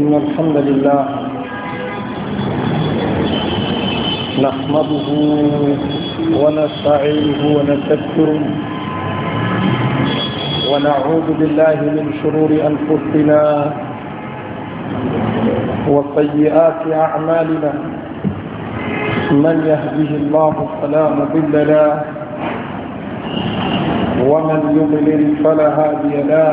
إن الحمد لله نحمده ونستعينه ونستكثره ونعوذ بالله من شرور أنفسنا وسيئات أعمالنا من يهده الله فلا مضل له ومن يضلل فلا هادي له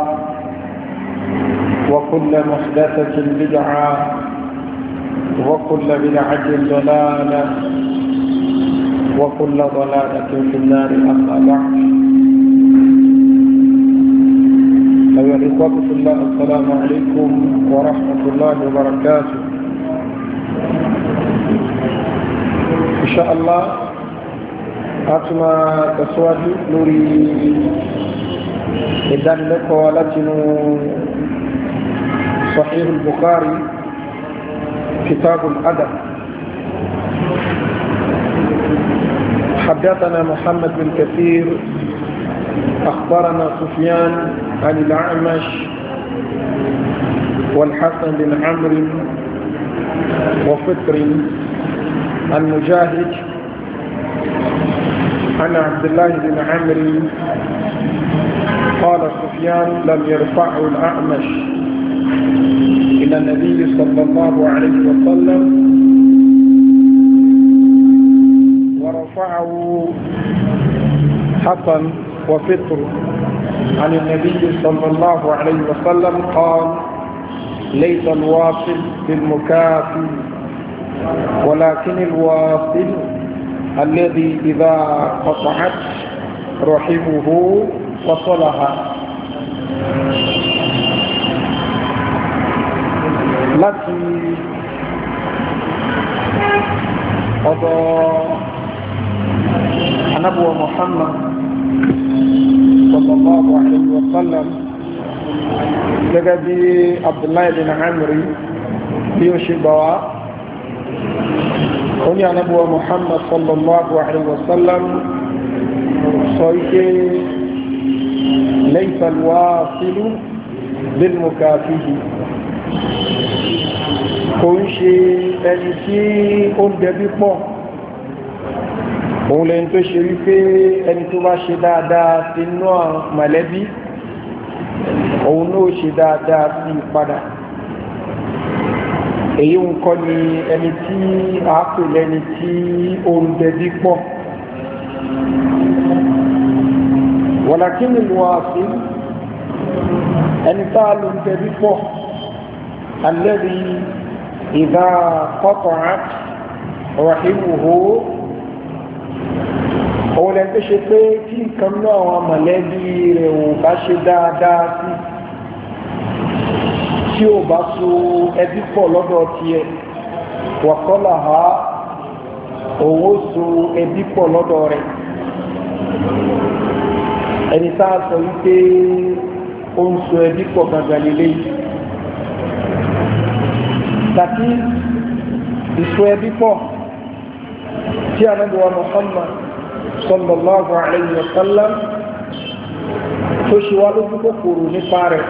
وكل محدثة بدعة وكل بدعة ضلالة وكل ضلالة في النار أما بعد أيها الإخوة في الله السلام عليكم ورحمة الله وبركاته إن شاء الله أتما تسواجي نريد إذا لك لتنو صحيح البخاري كتاب الأدب حدثنا محمد بن كثير أخبرنا سفيان عن الأعمش والحسن بن عمرو وفطر عن مجاهد عن عبد الله بن عمرو قال سفيان لم يرفعه الأعمش إلى النبي صلى الله عليه وسلم ورفعه حسن وفطر عن النبي صلى الله عليه وسلم قال ليس الواصل بالمكافي ولكن الواصل الذي إذا قطعت رحمه وصلها ọ̀dọ̀ anábùwà Muhammad sallallahu alayhi wa sallam gẹ́gẹ́ bí Abdullahi bin Amri bí ó ṣe gbà wá ó ní anábùwà Muhammad sallallahu alayhi wa sallam sọ ike ليس الواصل بالمكافئ kò ń ṣe ẹni tí ó ń jẹbí pọ̀ òun lẹ́yìn tó ṣe wípé ẹni tó bá ṣe dáadáa sí inú mọ̀lẹ́bí òun náà ṣe dáadáa sí padà èyí ń kọ́ ni ẹni tí a pè lẹ́ni tí ó ń bẹbí pọ̀ wọ̀lákínì lọ àfi ẹni tá a lò ń bẹbí pọ̀ alẹ́rí ìdá kọ́kọ̀ọ́ rahimuhu òun lẹ́nu tó ṣe pé kí nǹkan náà àwọn mọ̀lẹ́bí rẹ̀ ò bá ṣe dáadáa sí tí ò bá so ẹbí pọ̀ lọ́dọ̀ tiẹ̀ wàkọ́là ha òun ó so ẹbí pọ̀ lọ́dọ̀ rẹ̀ ẹni tá a sọ wípé ó ń so ẹbí pọ̀ gangan lélẹ́yìí tàbí ìso ẹbí pọ̀ tí a náà bí wọn mọ̀ sallallahu alayhi wa sallam tó ṣe wá lójú kòkòrò nípa rẹ̀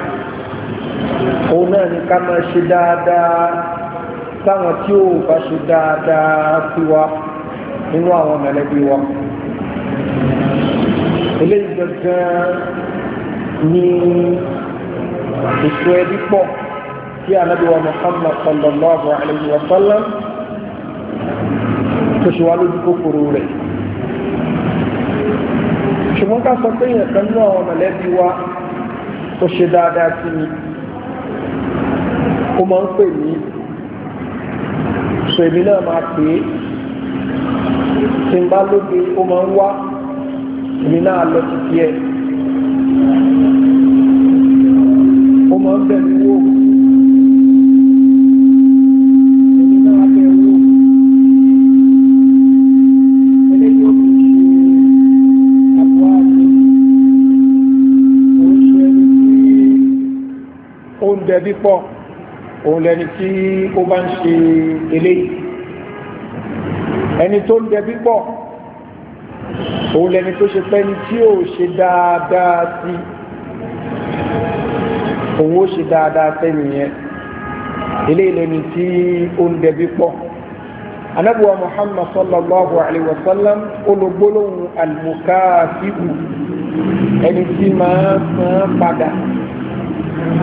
òun náà ní ká máa ṣe dáadáa táwọn tí ó bá ṣe dáadáa sí wa nínú àwọn mẹ̀lẹ́bí wa eléyìí gangan ní ètò ẹbí pọ̀ tí ànábì wa Muhammad sallallahu alayhi wa tó ṣe wá lójú kòkòrò rẹ̀ ṣùgbọ́n ká sọ pé èèyàn kan náà àwọn mọ̀lẹ́bí wa ó ṣe dáadáa sí mi ó máa ń pè mí so èmi náà máa pè é tí n bá lóde ó máa ń wá èmi náà lọ títí ẹ̀. jẹ̀bi pọ̀ òun lẹni tí ó bá ń ṣe eléyìí ẹni tó ń jẹ̀bi pọ̀ òun lẹni tó ṣe pẹ́ni tí ó ṣe dáadáa sí òun ó ṣe dáadáa sẹ́niyẹn eléyìí lẹni tí ó ń jẹ̀bi pọ̀ anabuwa muhammad sallallahu alaihi wasallam olùgbólóhùn almukafi'u ẹni tí máa san padà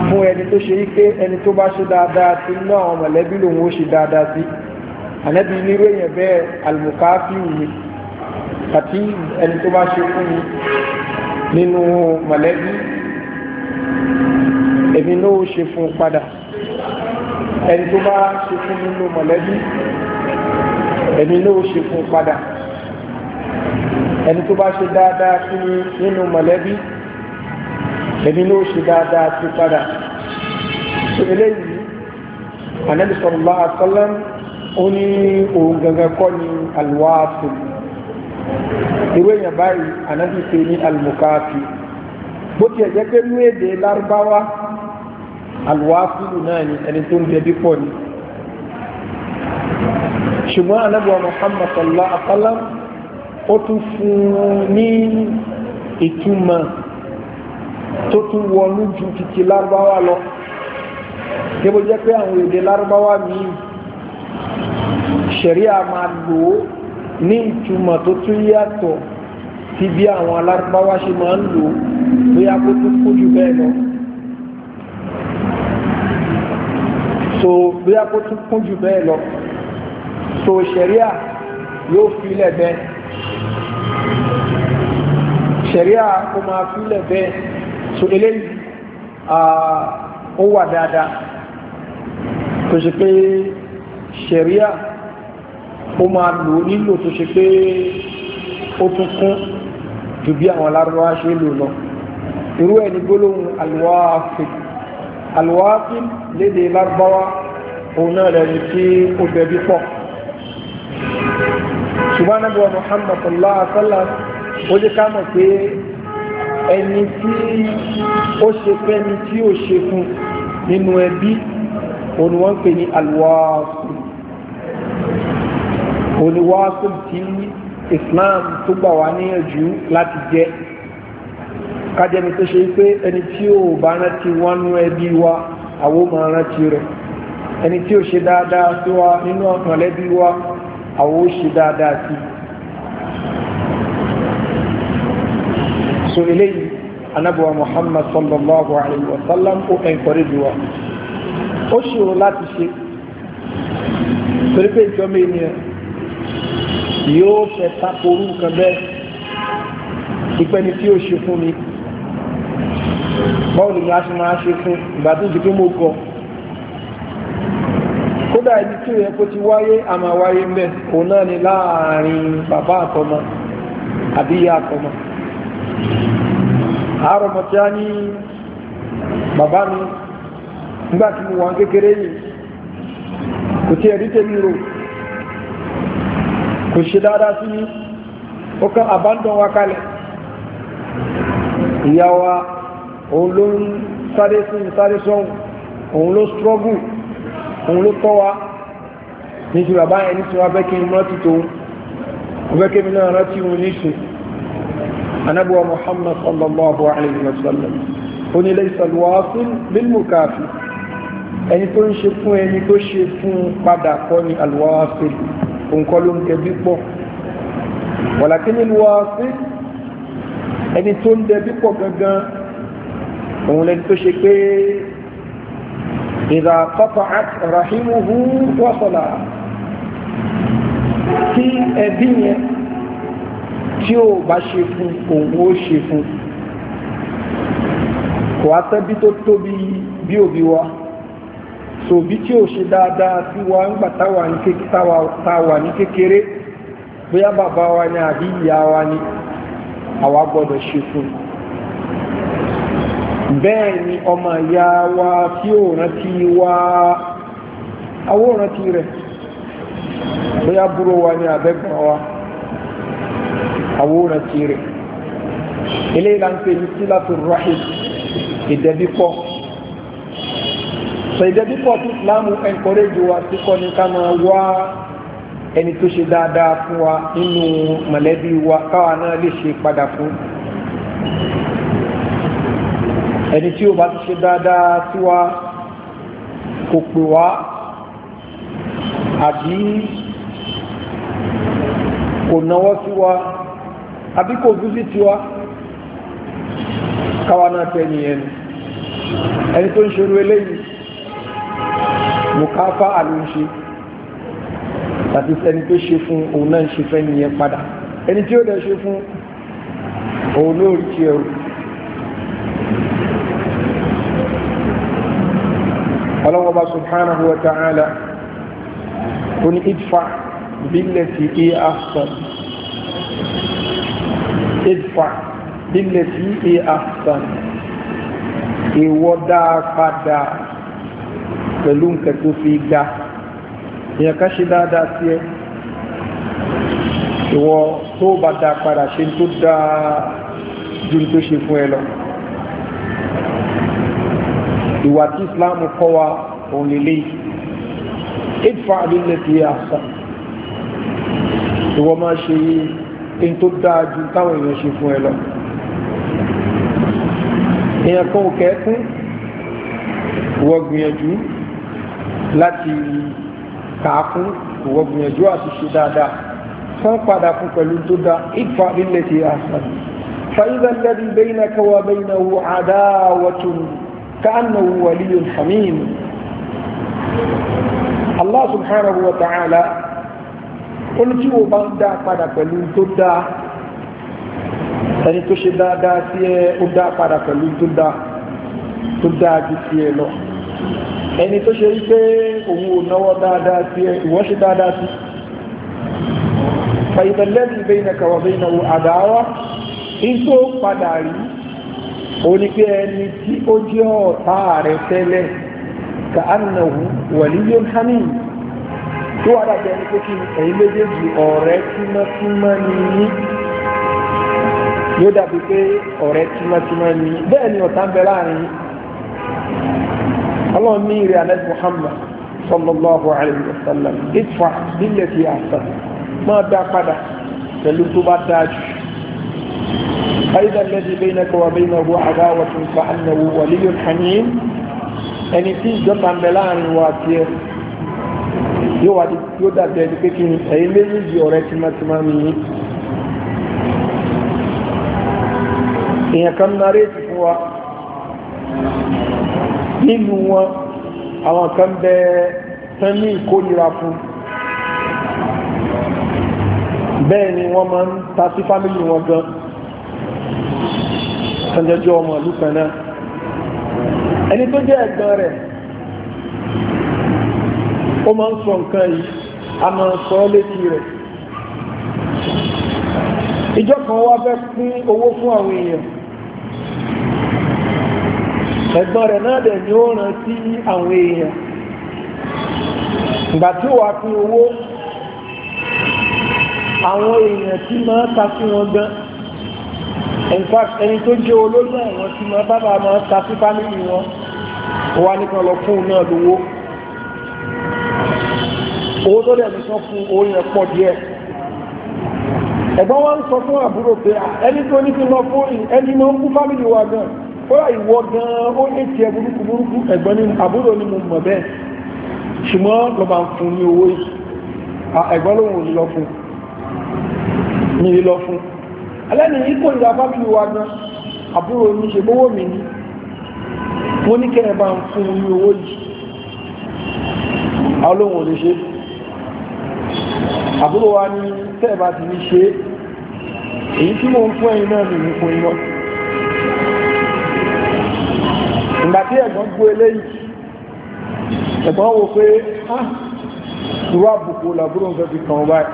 fún ẹni tó ṣe wípé ẹni tó bá ṣe dáadáa sí inú àwọn mọ̀lẹ́bí lòun ó ṣe dáadáa sí ànẹ́bí nírú èèyàn bẹ́ẹ̀ almukafiu ni àti ẹni tó bá ṣe fún mi nínú mọ̀lẹ́bí èmi náà ó ṣe fún padà ẹni tó bá ṣe fún mi nínú mọ̀lẹ́bí èmi náà ó ṣe fún padà ẹni tó bá ṣe dáadáa sí mi nínú mọ̀lẹ́bí ẹni ló ṣe dáadáa sí padà tó eléyìí anabi sallallahu alaihi wasallam ó ní òun gangan kọ́ ni alwaasil irú èèyàn báyìí anabi pè ní almukafi bó tiẹ̀ jẹ́ pé ní èdè lárúbáwá alwaasilu náà ni ẹni tó ń dẹbi pọ̀ ni ṣùgbọ́n anabi wa muhammad sallallahu ó tún fún ní ìtumọ̀ tó tún wọnú ju títí lárúbáwá lọ kébó jẹ́ pé àwọn de lárúbáwá míì ṣẹ̀ríà máa lò ó ní ìtumọ̀ tó tún yàtọ̀ tí bí àwọn alárúbáwá ṣe máa ń lò ó bóyá kó tún kú jù bẹ́ẹ̀ lọ. so bóyá kó tún kún jù bẹ́ẹ̀ lọ so ṣẹ̀ríà yóò filẹ̀ bẹ́ẹ̀ ṣẹ̀ríà kó máa filẹ̀ bẹ́ẹ̀ so eléyìí ó wà dáadáa tó ṣe pé ṣẹ̀ríà ó máa lò nílò tó ṣe pé ó tún kún ju bí àwọn alárúwá ṣe lò lọ irú ẹ̀ ní gbólóhùn alwafin alwafin léde lárúbáwá òun náà lẹ́ni tí ó bẹ̀bí pọ̀ ṣùgbọ́n náà bí wọn Muhammad sallallahu alaihi wasallam ó jẹ́ ká mọ̀ pé ẹni tí ó ṣe fẹ́ni tí ó ṣe fún nínú ẹbí òun pè ní alwaasul oníwaasul tí Islam tó gbà wá níyànjú láti jẹ́ kájẹni tó ṣe pé ẹni tí ó bá rántí wọn nú ẹbí wa àwọn máa rántí rẹ̀ ẹni tí ó ṣe dáadáa sí wa nínú ọ̀pọ̀lẹ́bí wa àwọn ó ṣe dáadáa sí i so eléyìí anábọ̀wá muhammad sallallahu alayhi wa sallam ó encourage wa ó ṣòro láti ṣe torí pé ìjọba ènìyàn yóò fẹ́ taporu nǹkan bẹ́ẹ̀ ìpẹ́ni tí ó ṣe fún mi bọ́ọ̀lù ni a ṣe máa ṣe fún ìgbà tó ti pé mo gọ̀ kódà ibi tí ó yẹ ti wáyé a wáyé mẹ́ òun náà ni láàárín bàbá àtọmọ àbí ìyá àtọmọ àárọ̀ mọ̀ tí a ní bàbá mi nígbà tí mo wà ń kékeré yìí kò tí ẹ̀rí tèmi rò kò ṣe dáadáa sí mi ó kàn àbándàn wa kalẹ̀ ìyá wa òun ló ń sáré sí sáré sọ́hùn òun ló strọ́gù òun ló tọ́ wa ní ti bàbá ẹni tí wọ́n fẹ́ kí n rántí tòun wọ́n fẹ́ kí mi náà rántí òun níṣùn anabuwa muhammad sallallahu alayhi wa sallam ó ní laysa alwasil bil mukafi ẹni tó ń ṣe fún ẹni tó ṣe fún padà kọ́ ni alwasil nǹkan ló ń tẹ̀bí pọ̀ walakin alwasil ẹni tó ń tẹ̀bí pọ̀ gangan òun lẹni tó ṣe pé ìdá qata'at rahimuhu wasala kí ẹbí yẹn tí ò bá ṣe fún òun ó ṣe fún kò á tẹ́bí tó tóbi bí òbí wa sòbí tí ò ṣe dáadáa sí wa ń gbà táwà ní kékeré bóyá bàbá wa ni àbí ìyá wa ni àwa gbọ́dọ̀ ṣe fún bẹ́ẹ̀ ni ọmọ ìyá wa tí ò rántí wa awó rántí rẹ̀ bóyá búrò wa ni àbẹ́gbọ̀n wa àwòrán ti rẹ̀ eléyìí la ń pè ní sílátù rahim ìdẹ́bípọ̀ sọ ìdẹ́bípọ̀ tó láàmú ẹnkọ́rẹ́jì wa tí kọ́ ní ká máa wá ẹni tó ṣe dáadáa fún wa nínú mọ̀lẹ́bí wa káwa náà lè ṣe padà fún ẹni tí ó bá ti ṣe dáadáa sí wa kò pè wá àbí kò náwó sí wa àbí kò visit wa káwa náà tẹ́ ni ẹni ẹni tó ń ṣerú eléyìí mùkáfà àlùṣe tàbí ẹni tó ṣe fún òun náà ń ṣe subhanahu wa ta'ala ó ní idfa billati i ahsan ìdfà nílẹ̀ tí è àfàn ìwọ́ dáa padà pẹ̀lú nǹkan tó fi ga èèyàn ká ṣe dáadáa sí ẹ ìwọ tó bá dáa padà ṣe tó dáa ju tó ṣe fún ẹ lọ ìwà tí Islam kọ́ wa òun lélẹ́yìí ìdfà nílẹ̀ tí è àfàn ìwọ máa ṣe yìí in tó dáa ju táwọn èèyàn ṣe fún ẹ lọ èèyàn kan ò kẹ́kún wọ gbìyànjú láti kàá fún wọ gbìyànjú àti ṣe dáadáa san padà fún pẹ̀lú tó dá ìfà ilẹ̀ ti àṣàn fa'idà lẹ́bí bẹ́yìnà kawà bẹ́yìnà wù àdáwàtún káànà wù wàlíyùn hamim Allah subhanahu wa ta'ala olùtí wo bá ń dá padà pẹ̀lú tó dáa ẹni tó ṣe dáadáa sí ẹ ó dá padà pẹ̀lú tó dáa tó dáa ju sí ẹ lọ ẹni tó ṣe rí pé òun ò náwó dáadáa sí ẹ ìwọ́n ṣe dáadáa sí fàyìbẹ̀lẹ́bì baynaka wa baynahu àdáwà ní tó padà rí ó pé ẹni tí ó jẹ́ ọ̀tá rẹ̀ tẹ́lẹ̀ ka'annahu waliyyun hamim tó wà dàbí ẹni pé kí ẹ̀yin méjèèjì ọ̀rẹ́ tímọ́tímọ́ ni yín yóò dàbí pé ọ̀rẹ́ tímọ́tímọ́ ni yín bẹ́ẹ̀ ni ọ̀tá ń bẹ láàrin yín ọlọ́run ní ìrẹ́ alẹ́ Muhammad sallallahu alayhi wa sallam idfa billati ahsan máa dá padà pẹ̀lú tó bá dáa jù فإذا الذي بينك وبينه عداوة فأنه ولي حميم أن في جمع بلان واتير yóò wá yóò dàbí ẹni pé kí ni ẹ̀yin méjèèjì ọ̀rẹ́ tímátímá mi yín èèyàn kan narí ètò fún wa nínú wọn àwọn kan bẹ tán ní ìkórira fún bẹ́ẹ̀ ni wọ́n máa ń ta sí fámìlì wọn gan sanjẹjọ ọmọ ìlú kan náà ẹni tó jẹ́ ẹ̀gbọ́n rẹ̀ ó máa ń sọ nǹkan yìí a máa sọ ọ́ létí rẹ̀ ìjọ kan wá fẹ́ pín owó fún àwọn èèyàn ẹ̀gbọ́n rẹ̀ náà dẹ̀ ni ó ràn sí àwọn èèyàn ìgbà tí wà pín owó àwọn èèyàn tí máa ta sí wọn gan in fact ẹni tó jẹ́ olóyún àwọn tí máa bábà máa ta sí fámìlì wọn wà nìkan lọ fún un náà lówó owó tó dẹ̀ ní sọ fún orin ẹ̀pọ̀ díẹ̀ ẹ̀gbọ́n wa ń sọ fún àbúrò pé ẹni tó ní fi lọ fún ẹni náà kú fámìlì wa gan kóra ìwọ gan ó ní tiẹ̀ burúkú burúkú ẹ̀gbọ́n ní àbúrò ni mo mọ̀ bẹ́ẹ̀ ṣùgbọ́n lọ bá ń fún ní owó yìí ẹ̀gbọ́n lòun ò ní lọ fún ní lọ fún alẹ́ni yìí kò ìlà fámìlì wa gan àbúrò mi ṣe gbówó mi ní mo ní kẹ́rẹ̀ bá ń fún ní owó yìí àwọn olóhùn ò àbúrò wa ní tẹ́ẹ̀bá ti ní ṣe èyí tí mo ń fún ẹ̀yin náà nìyí fún iná ìgbà tí ẹ̀gbọ́n gbọ́ eléyìí ẹ̀gbọ́n wo pé ìwà ah, àbùkù làbúrò ń fẹ́ fi kàn báyìí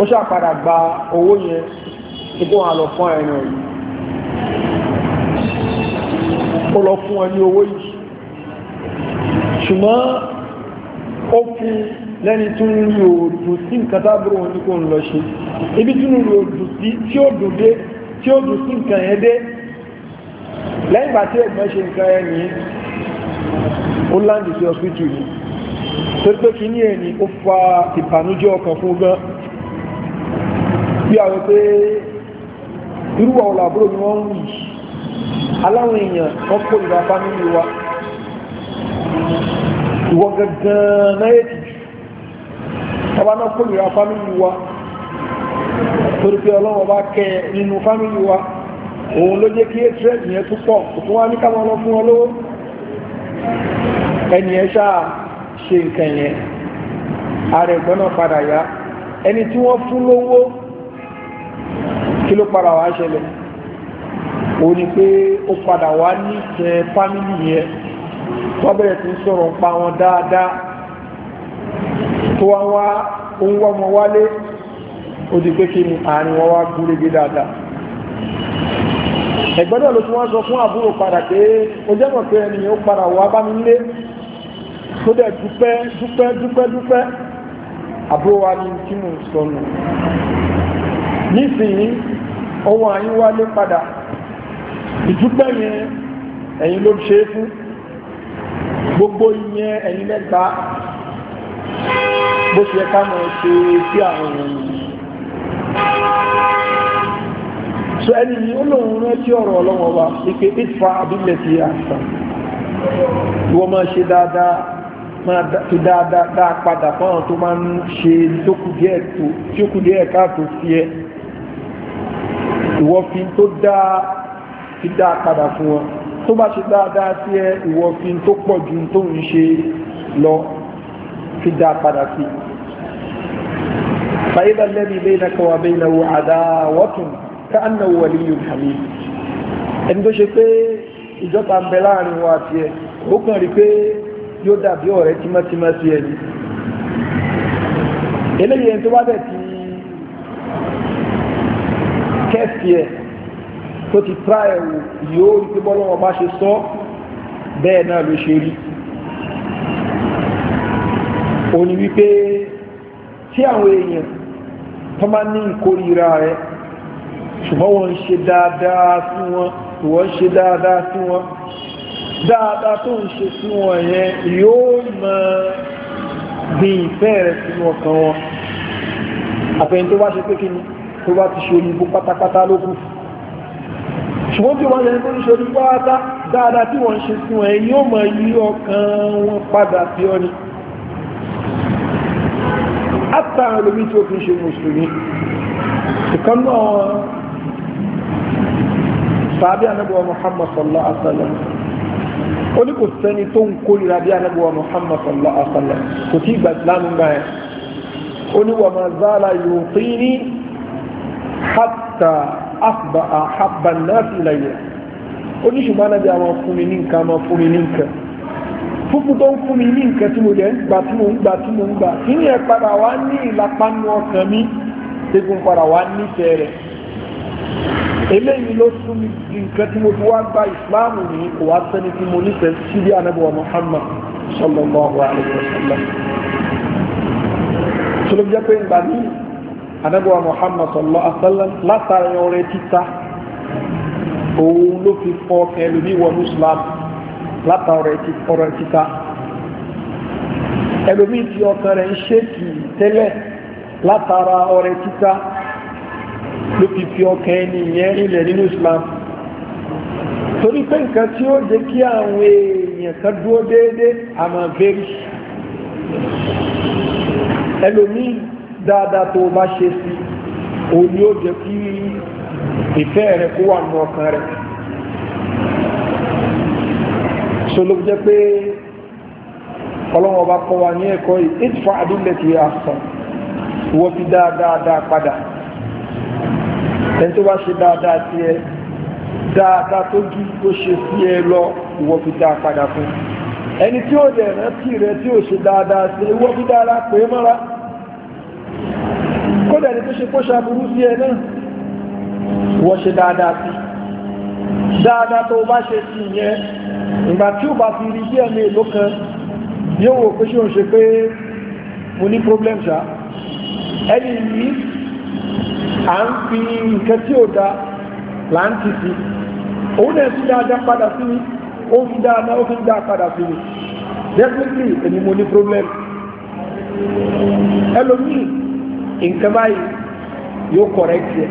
ó ṣàpadà gba owó yẹn tí kò hàn lọ fún ẹ̀yìn ọ̀yìn ó lọ fún ẹ owó yìí ṣùgbọ́n ó fún lẹ́ni tún rí òòdù sí nǹkan tábúrò wọn ní kò ń lọ ṣe ibi tún rí òòdù sí tí ó dùn dé tí ó dùn sí nǹkan yẹn dé lẹ́yìn ìgbà tí ẹ̀gbọ́n ṣe nǹkan yẹn ní ó láǹdì sí ọ̀sìtù ni tó pé kí ní ó fa ìbànújẹ́ ọkàn fún gan bí àwọn pé irú àwọn làbúrò ni wọ́n ń wù aláwọn èèyàn wọ́n kó ìbá fámìlì wa ìwọ gangan náà ọba náà kórìíra fámìlì wa torí pé ọlọ́wọ́ bá kẹ nínú fámìlì wa òun ló jẹ́ kí hatred yẹn tún pọ̀ kò tún wá ní ká máa lọ fún ọ lówó ẹni ẹ ṣe nǹkan yẹn ààrẹ ìgbọ́n náà padà yá ẹni tí wọ́n fún lówó kí ló padà wá ṣẹlẹ̀ ó ní pé ó padà wá nífẹ̀ẹ́ fámìlì yẹn wọ́n bẹ̀rẹ̀ sí sọ̀rọ̀ ń pa wọn dáadáa tó wá wá ó ń wá ọmọ wálé ó di pé kí ni àárín wọn wá gúré gbé dáadáa ẹ̀gbọ́dọ̀ ló tún wá sọ fún àbúrò padà pé ó jẹ́ mọ̀ pé ẹni ó padà wá bá mi lé tó dẹ̀ dúpẹ́ dúpẹ́ dúpẹ́ dúpẹ́ àbúrò wa ni tí mò ń sọ nù nísìnyí ohun àyín wálé padà ìdúpẹ́ yẹn ẹ̀yin ló ṣe é fún gbogbo ìyẹn ẹ̀yin lẹ́gbàá bó ṣe ká mọ̀ ṣe sí àwọn ènìyàn so ẹni yìí ó lóun rántí ọ̀rọ̀ ọlọ́wọ́ wa ike ìfà abúlẹ̀ ti àṣà ìwọ máa ṣe dáadáa máa fi dáadáa padà fáwọn tó máa ń ṣe tó kù díẹ̀ káàtó sí ẹ ìwọ fi tó dáa fi dáa padà fún wọn tó bá ṣe dáadáa sí ẹ ìwọ fi tó pọ̀ ju tó ń ṣe lọ fi dá padà sí fàyíbà lẹ́bi bẹ́ẹ̀nà kọwà bẹ́ẹ̀nà wò àdáwọ́tún ká ànà wọlé yóò hàmì ẹni tó ṣe pé ìjọta ń bẹ láàrin wa àti ẹ ó kàn rí pé yóò dàbí ọ̀rẹ́ tímọ́tímọ́ sí ẹni eléyìí ẹni tó bá bẹ̀ ti kẹ́sì ẹ̀ tó ti pra ẹ̀wò yóò rí pé bọ́lọ́wọ́ bá ṣe sọ bẹ́ẹ̀ náà ló ṣe rí òun ni wípé tí àwọn èèyàn tó máa ní ìkórira rẹ ṣùgbọ́n wọ́n ń ṣe dáadáa sí wọn ìwọ́n ń ṣe dáadáa sí wọn dáadáa tó ń ṣe sí wọn yẹn yóò máa gbin ìfẹ́ rẹ sínú ọkàn wọn àfẹ́yìn tó bá ṣe pé kí ni tó bá ti ṣe òyìnbó pátápátá ló kù ṣùgbọ́n tí wọ́n lẹ́nu tó ń ṣe orí pátá dáadáa tí wọ́n ń ṣe sí wọn yóò máa yí ọkàn wọn padà sí ọ ni hátà lórí tí ó fi ṣe mùsùlùmí ìkan náà sàábí anábọ̀ muhammad sallallahu alaihi wasallam ó ní kò sẹ́ni tó ń kórìíra bí anábọ̀ muhammad sallallahu alaihi wasallam kò tí ìgbà ìsìlámù gbà ẹ̀ ó ní wà máa zára yóò pín ní hátà àfbà àhábà náà sí ilẹ̀ yẹn ó fúnfún tó ń fún mi ní nǹkan tí mo jẹ́ ń gbà tí mo ń gbà tí mo ń gbà kí ni ẹ padà wá ní ìlàpánu ọkàn mi egun padà wá nífẹ̀ẹ́ rẹ̀ eléyìí ló tún nǹkan tí mo fi wá gba ìsìláàmù ní kò wá sẹ́ni tí mo nífẹ̀ẹ́ sí bí anábọ̀wá Muhammad sallallahu alayhi wa sallam tó ló jẹ́ pé ìgbà ní anábọ̀wá Muhammad sallallahu alayhi wa sallam látara ọrẹ títa òun ló fi fọ́ ẹlòmíwọ̀n Islam látà ọ̀rọ̀ ìtìta ẹlòmí tí ọkàn rẹ̀ ń ṣe kì tẹ́lẹ̀ látara ọ̀rọ̀ ìtìta ló fi fi ọkàn ẹni yẹn ilẹ̀ nínú Islam torí pé nǹkan tí ó jẹ́ kí àwọn èèyàn kan dúró déédéé àmọ́ bẹ́rì ẹlòmí dáadáa tó bá ṣe sí òun ni ó jẹ́ kí ìfẹ́ rẹ̀ kó wà nù ọkàn rẹ̀ so ló jẹ́ pé ọlọ́wọ́ bá kọ́ wa ní ẹ̀kọ́ yìí ìtìfà àdúlẹ̀ tí a sàn wọ́n fi dáadáa padà ẹni tó bá ṣe dáadáa sí ẹ dáadáa tó jí tó ṣe sí ẹ lọ ìwọ́n fi dáa padà fún ẹni tí ó dẹ̀ rántí rẹ tí ó ṣe dáadáa sí ìwọ́n fi dáadáa pè mọ́ra kódà ní tó ṣe kó ṣàbúrú sí ẹ náà wọ́n ṣe dáadáa sí dáadáa tó bá ṣe sí ìyẹn ìgbà tí ó bá fi rí bí ẹ̀mí èlò kan yóò wò pé ṣe òun ṣe pé mo ní problem ṣá ẹni yìí à ń fi nǹkan tí ó da là ń ti sí òun náà fi dáadáa padà sí mi ó fi dáadáa ó fi dáa padà sí mi definitely èmi mo ní problem ẹlòmíì nǹkan báyìí yóò correct yẹ.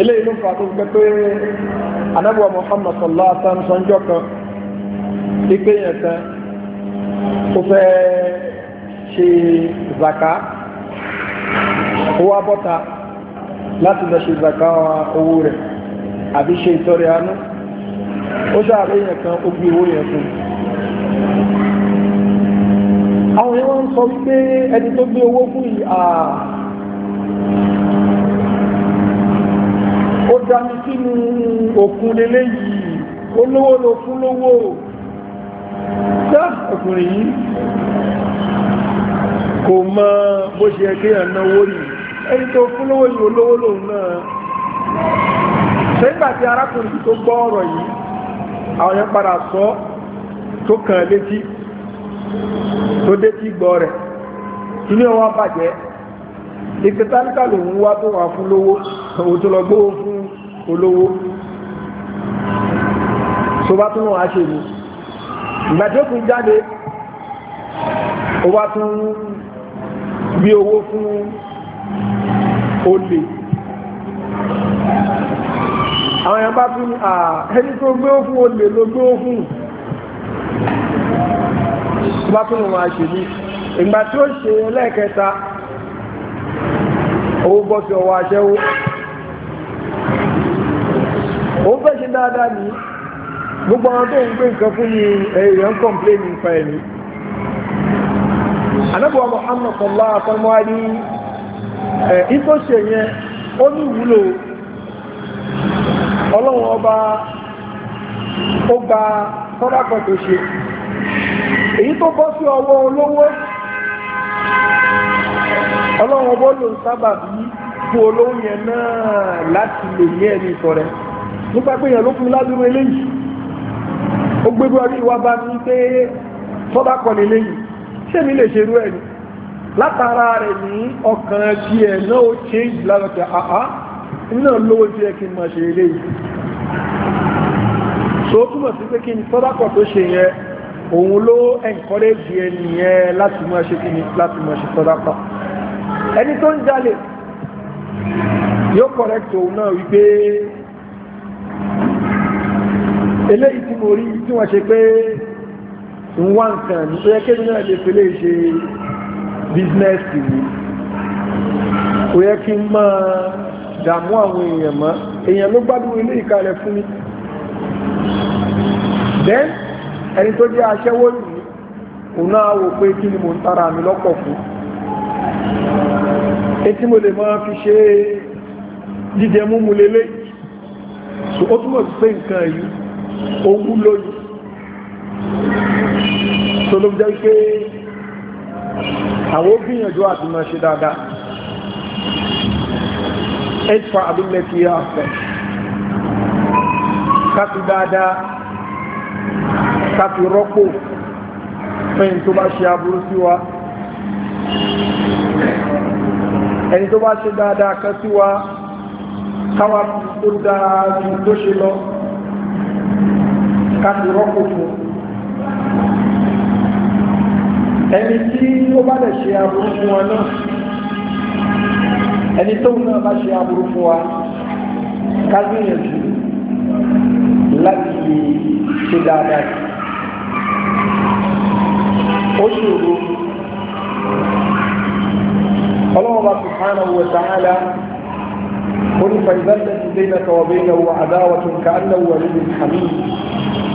ilé ìlú fa tó pé anábọ̀ Muhammad sallallahu alaihi wasallam sọ́njọ́ kan pípé yẹn kan ó fẹ́ ṣe zaka owó abọ́ta láti lọ ṣe zaka owó rẹ̀ àbí ṣe ìtọrẹ àánú ó ṣàrí yẹn kan ó gbé owó yẹn fún àwọn yẹn wọ́n sọ wípé ẹni tó gbé owó fún yìí ó dámi sínú òkun lélé yìí olówó ló fún lówó dá ọkùnrin yìí kò mọ bó ṣe ẹgbẹ́ ẹ̀náwó rí ẹni tó fún lówó yìí olówó lòun náà ṣẹ́gbà tí arákùnrin tó gbọ́ ọ̀rọ̀ yìí àwọn yẹn padà sọ tó kàn létí tó dé tí gbọ́ rẹ̀ kí ni bàjẹ́ ìpẹ́tálíkà lòun wá tó wà fún lówó owó tó lọ gbówó fún olówó tó bá tún wọ́n á ṣe ní ìgbà tó kù jáde ó bá tún bí owó fún olè àwọn èèyàn bá tún ẹni tó gbówó fún olè ló gbówó fún o fẹ́ ṣe dáadáa ní gbogbo àwọn tó ń gbé nǹkan fún ní èèyàn complain nípa ẹ̀mí anábọ̀ mohamed sọlá àtọmọ́ ní ìtòṣe yẹn ó ní ìwúlò ọlọ́run ọba ó gba sọ́dákan tó ṣe èyí tó bọ́ sí ọwọ́ olówó ọlọ́run ọba ó ń sábà bí fún yẹn nípa pé èèyàn ló fún ládùúrú eléyìí ó gbé bí ọdún ìwà bá mi pé sọ́dá kọ́ ni eléyìí ṣé mi lè ṣe irú ẹ̀ ni látara rẹ̀ ní ọkàn ti ẹ̀ náà ó change lára pé àá iná lówó tí ẹ kí n máa ṣe eléyìí so túmọ̀ sí pé kí ni sọ́dá kọ́ tó ṣe yẹn òun ló encourage ẹni yẹn láti máa ṣe kí ni láti máa ṣe sọ́dá kọ́ ẹni tó ń jalè yóò correct náà wípé eléyìí tí mo rí tí wọ́n ṣe pé ń wá nǹkan ní tó yẹ kí náà lè fi lè ṣe bísínẹ́sì mi kò yẹ kí n máa dààmú àwọn èèyàn mọ́ èèyàn ló gbádùn ilé ìkalẹ̀ fún mi then ẹni tó jẹ́ aṣẹ́wó yìí òun náà wò pé kí ni mo ń tara mi lọ́pọ̀ fún etí mo lè máa fi ṣe jíjẹ múmu lélẹ́yìí so ó túmọ̀ sí pé nǹkan yìí owú lóyìn tó ló jẹ́ pé àwọn gbìyànjú àti máa ṣe dáadáa ẹ̀fà àbúlẹ̀kì àfẹ́ káfí dáadáa káfí rọ́pò fẹ́yìn tó bá ṣe aburú sí wa ẹni tó bá ṣe dáadáa kan sí wa káwa tó dáa ju tó ṣe lọ káfí rọ́pò fún ẹni tí ó bá lè ṣe aburú fún wa náà ẹni tóun náà bá ṣe aburú fún wa ká gbìyànjú láti lè ṣe dáadáa ó ṣòro ọlọ́wọ́ subhanahu wa ta'ala قل فإذا الذي بينك وبينه عداوة كأنه ولي حميد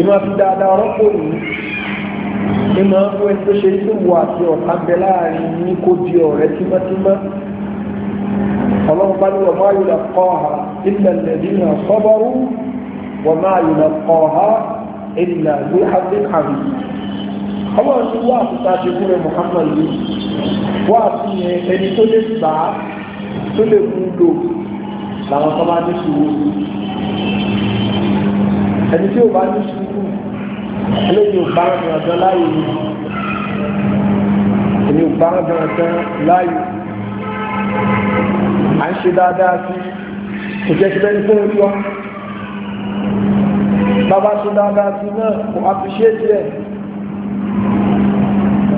ìmọ̀ fi dáadáa rọ́pò yìí ìmọ̀ fún ẹni tó ṣe sí wo àti ọ̀tá bẹ láàrin ní kó di ọ̀rẹ́ tímọ́tímọ́ ọlọ́run bá ní wọ́n máa yọ̀ lọ́kọ́ ha ilẹ̀ lẹ́dínà sọ́bọ̀rú wọ́n máa yọ̀ lọ́kọ́ ha ilẹ̀ ló hàbí àmì ní wọ́n àtúntà ṣe fún Muhammad yìí wọ́n àtúnyẹ ẹni tó lè gbà á tó lè mú làwọn tó bá ní sùúrù ẹni tí ó bá ní sùúrù eléyìí ò bá rẹ̀ ọ̀dọ́ láàyè ni èmi ò bá rẹ̀ ọ̀dọ́ láàyè à ń ṣe dáadáa sí kò jẹ́ síbẹ̀ ní fún olúwa bàbá ṣe dáadáa sí náà kò appreciate ẹ̀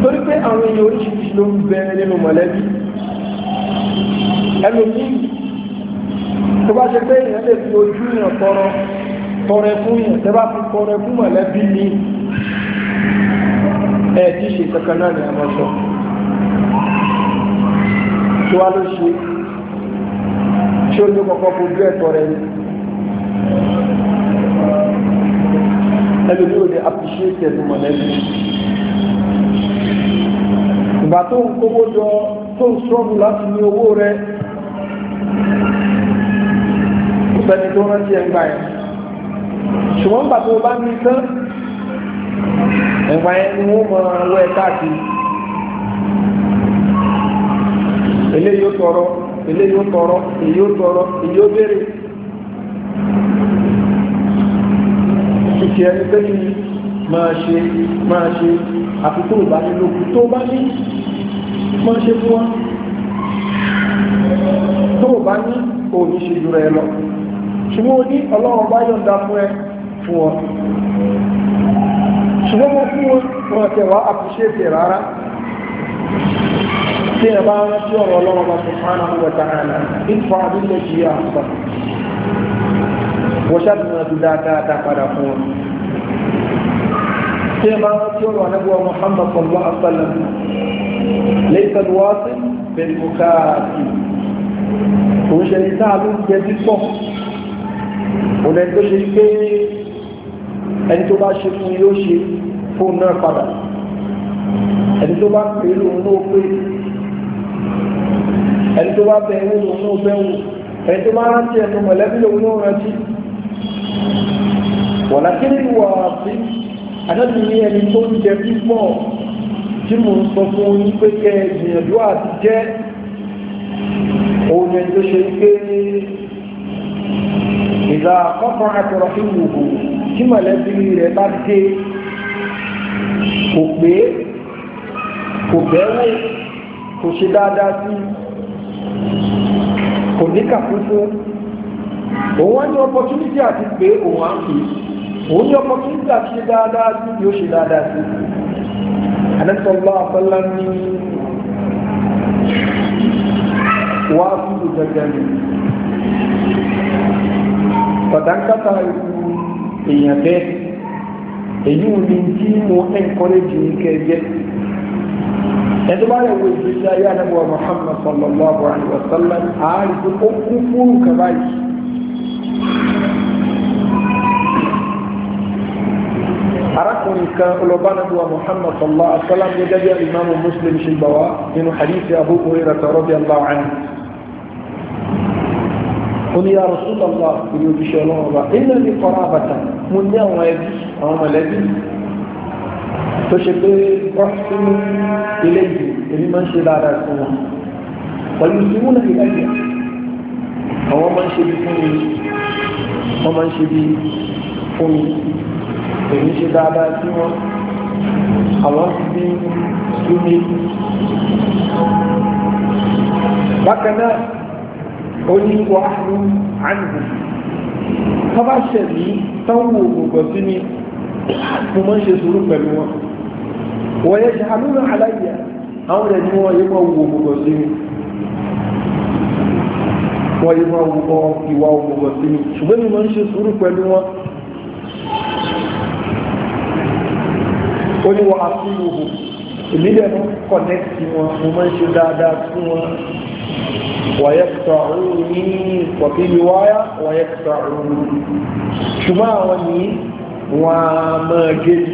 torí pé àwọn èèyàn oríṣiríṣi ló ń bẹ nínú mọ̀lẹ́bí ẹlòmíì tó bá ṣe pé èèyàn lè fi ojú ìyàn tọrọ tọrẹ fún yẹn tẹ́bá fi tọrẹ fún mọ̀lẹ́bí ni ẹ̀ tí ṣe kankan náà ni a máa sọ tí wá ló ṣe tí ó ló kọ́kọ́ fojú ẹ̀ tọrẹ ni ẹlòmí ò lè appreciate ẹ̀dùn mọ̀lẹ́bí ìgbà tó ń kówó jọ tó ń sọ́ọ̀bù láti ní owó rẹ̀ kò sẹ́ni tó rántí ẹ̀ ń gbà yẹn ṣùgbọ́n gbà tó bá ní tán ẹ̀gbà yẹn ni wọ́n máa wọ ẹ káàkiri eléyìí ó tọrọ eléyìí ó tọrọ èyí ó tọrọ èyí ó béèrè ìṣe ẹni pé kí máa ṣe máa ṣe àfikún ìbánilógún tó bá ní máa ṣe fún wa tó bá ní òní ṣe jùlọ lọ ṣùgbọ́n ó ní ọlọ́run bá yọ̀ǹda fún ẹ fún wọn ṣùgbọ́n wọ́n fún wọn wọ́n tẹ̀wá àpùṣẹ́fẹ̀ rárá tí ẹ bá rántí ọ̀rọ̀ ọlọ́run bá subhanahu wa ta'ala ìfọ̀ abúlé jì í àǹfà wọ́n ṣàtúnmọ̀ ti dáadáa padà fún wọn tí ẹ bá rántí ọ̀rọ̀ anábíwá Muhammad sallallahu alaihi wasallam laysa al-wasil bil-mukafi òun ṣe ní sáà ló ń jẹ títọ̀ òun ẹni tó ṣe pé ẹni tó bá ṣe fún yóò ṣe fóun náà padà ẹni tó bá pè é lòun náà pè é ẹni tó bá bẹ ẹwọ lòun náà bẹ wò ẹni tó bá rántí ẹnu mọ̀lẹ́bí lòun náà rántí wọ̀nà kí ni wà sí adájú ní ẹni tó ń jẹ pípọ̀ tí mo ń sọ fún yín pé kẹ gbìyànjú àti jẹ́ òun ẹni tó ṣe pé ìlà kọ́kọ́ àtọ̀rọ̀ fún gbogbo tí mọ̀lẹ́bí rẹ̀ bá dé kò pé kò bẹ̀wò kò ṣe dáadáa sí kò ní kàfúfún òun á ní opportunity àti pé òun á pè òun ní opportunity àti ṣe dáadáa sí yóò ṣe dáadáa sí anẹ́sọ̀lá àfẹ́lá ní wàásù gẹ́gẹ́ ni pàtàkì èèyàn bẹ́ẹ̀ èyí ò ní tí mo encourage ní kẹjẹ ẹni bá yẹ wo ìgbésí ayé anábọ̀ Muhammad sallallahu alaihi wa sallam àárín tó ó kú fún kaba yìí arákùnrin kan ọlọ́ba anábọ̀ Muhammad sallallahu alaihi wa sallam gẹ́gẹ́ bí alimami Muslim ṣe gbà wá nínú hadithi Abu Hurairah radiyallahu anhu قل يا رسول الله قل يا الله إن لي قرابة mo ní àwọn ẹbí àwọn mọ̀lẹ́bí tó ṣe pé wọ́n sí ilé ìdè èmi máa ń ṣe dáadáa fún wọn pẹ̀lú ìwúlò ìdájẹ́ àwọn máa ń ṣe bí fún mi wọ́n máa ń ṣe bí fún mi èmi ṣe dáadáa sí wọn àwọn ti bí sí mi bákan náà ó ní wàhálù ànìyàn tọ́bá ṣẹ̀ ní táwọn ògùnkọ̀ sí ni mo máa ń ṣe sùúrù pẹ̀lú wọn wọ́n yẹ ṣe àlúrà aláìyá àwọn ẹ̀dí wọn yẹ máa wo ògùnkọ̀ sí mi wọ́n yẹ máa wo ìwà ògùnkọ̀ sí mi ṣùgbọ́n mi máa ń ṣe sùúrù pẹ̀lú wọn ó ní wọ́n á sí ìwòhùn èmi dẹ̀ mọ́ wọn mo máa ń ṣe dáadáa fún wọn ويقطعوني وفي رواية ويقطعوني شما وني وما جد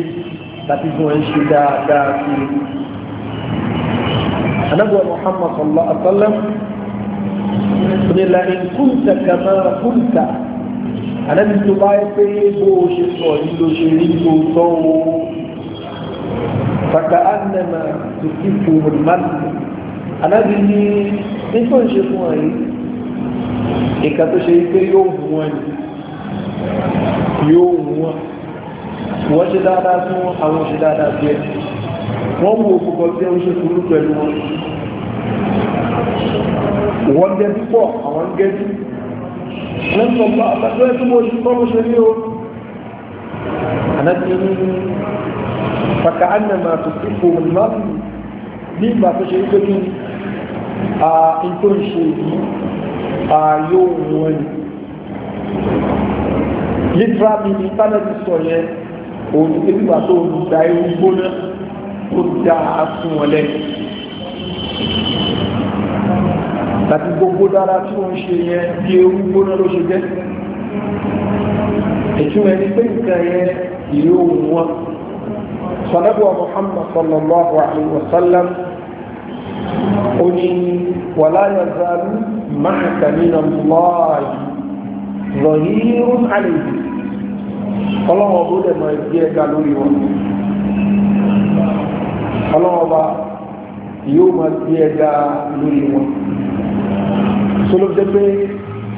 تفيدوا إن شداء داكي نبوة محمد صلى الله عليه وسلم قل لئن كنت كما كنت أنا مثل في بوش صعيد شريك صو فكأنما تكفه المرض alábi ní nígbà ń ṣe fún ọ̀yí ìkà tó ṣe pé yóò mú wọn ni yóò mú wọn wọ́n ṣe dáadáa fún wọn àwọn ṣe dáadáa bí ẹ wọ́n mú òkùnkọ tí ó ṣe fúrú pẹ̀lú wọn wọ́n jẹ́ púpọ̀ àwọn ń gẹ́jú lẹ́sọ̀gbọ́ àpàtó ẹ̀ tó mọ̀ sí tọ́mọ̀ ṣe ní o ànábi ní fàkà ánàmà tó fi fòun láti ní tó ṣe pé kí in tó ń ṣe yìí yóò wù wọn ni litra mi ní tálẹ́tì sọ yẹn òun ti gbà tó olùdá ewu gbóná tó da asùn wọn lẹ́yìn tàbí gbogbo dára tí wọ́n ṣe yẹn bí ewu gbóná ló ṣe jẹ́ ìtumọ̀ ẹni pé nǹkan yẹn yóò wù wọn Muhammad sallallahu alaihi wa sallam ó ní wala yazalu ma'aka min Allah zahirun alayhi ọlọ́wọ́ bó dẹ̀ máa gbé ẹ̀ka lórí wọn ọlọ́wọ́ bá yóò máa gbé ẹ̀ka lórí wọn solójẹ́ pé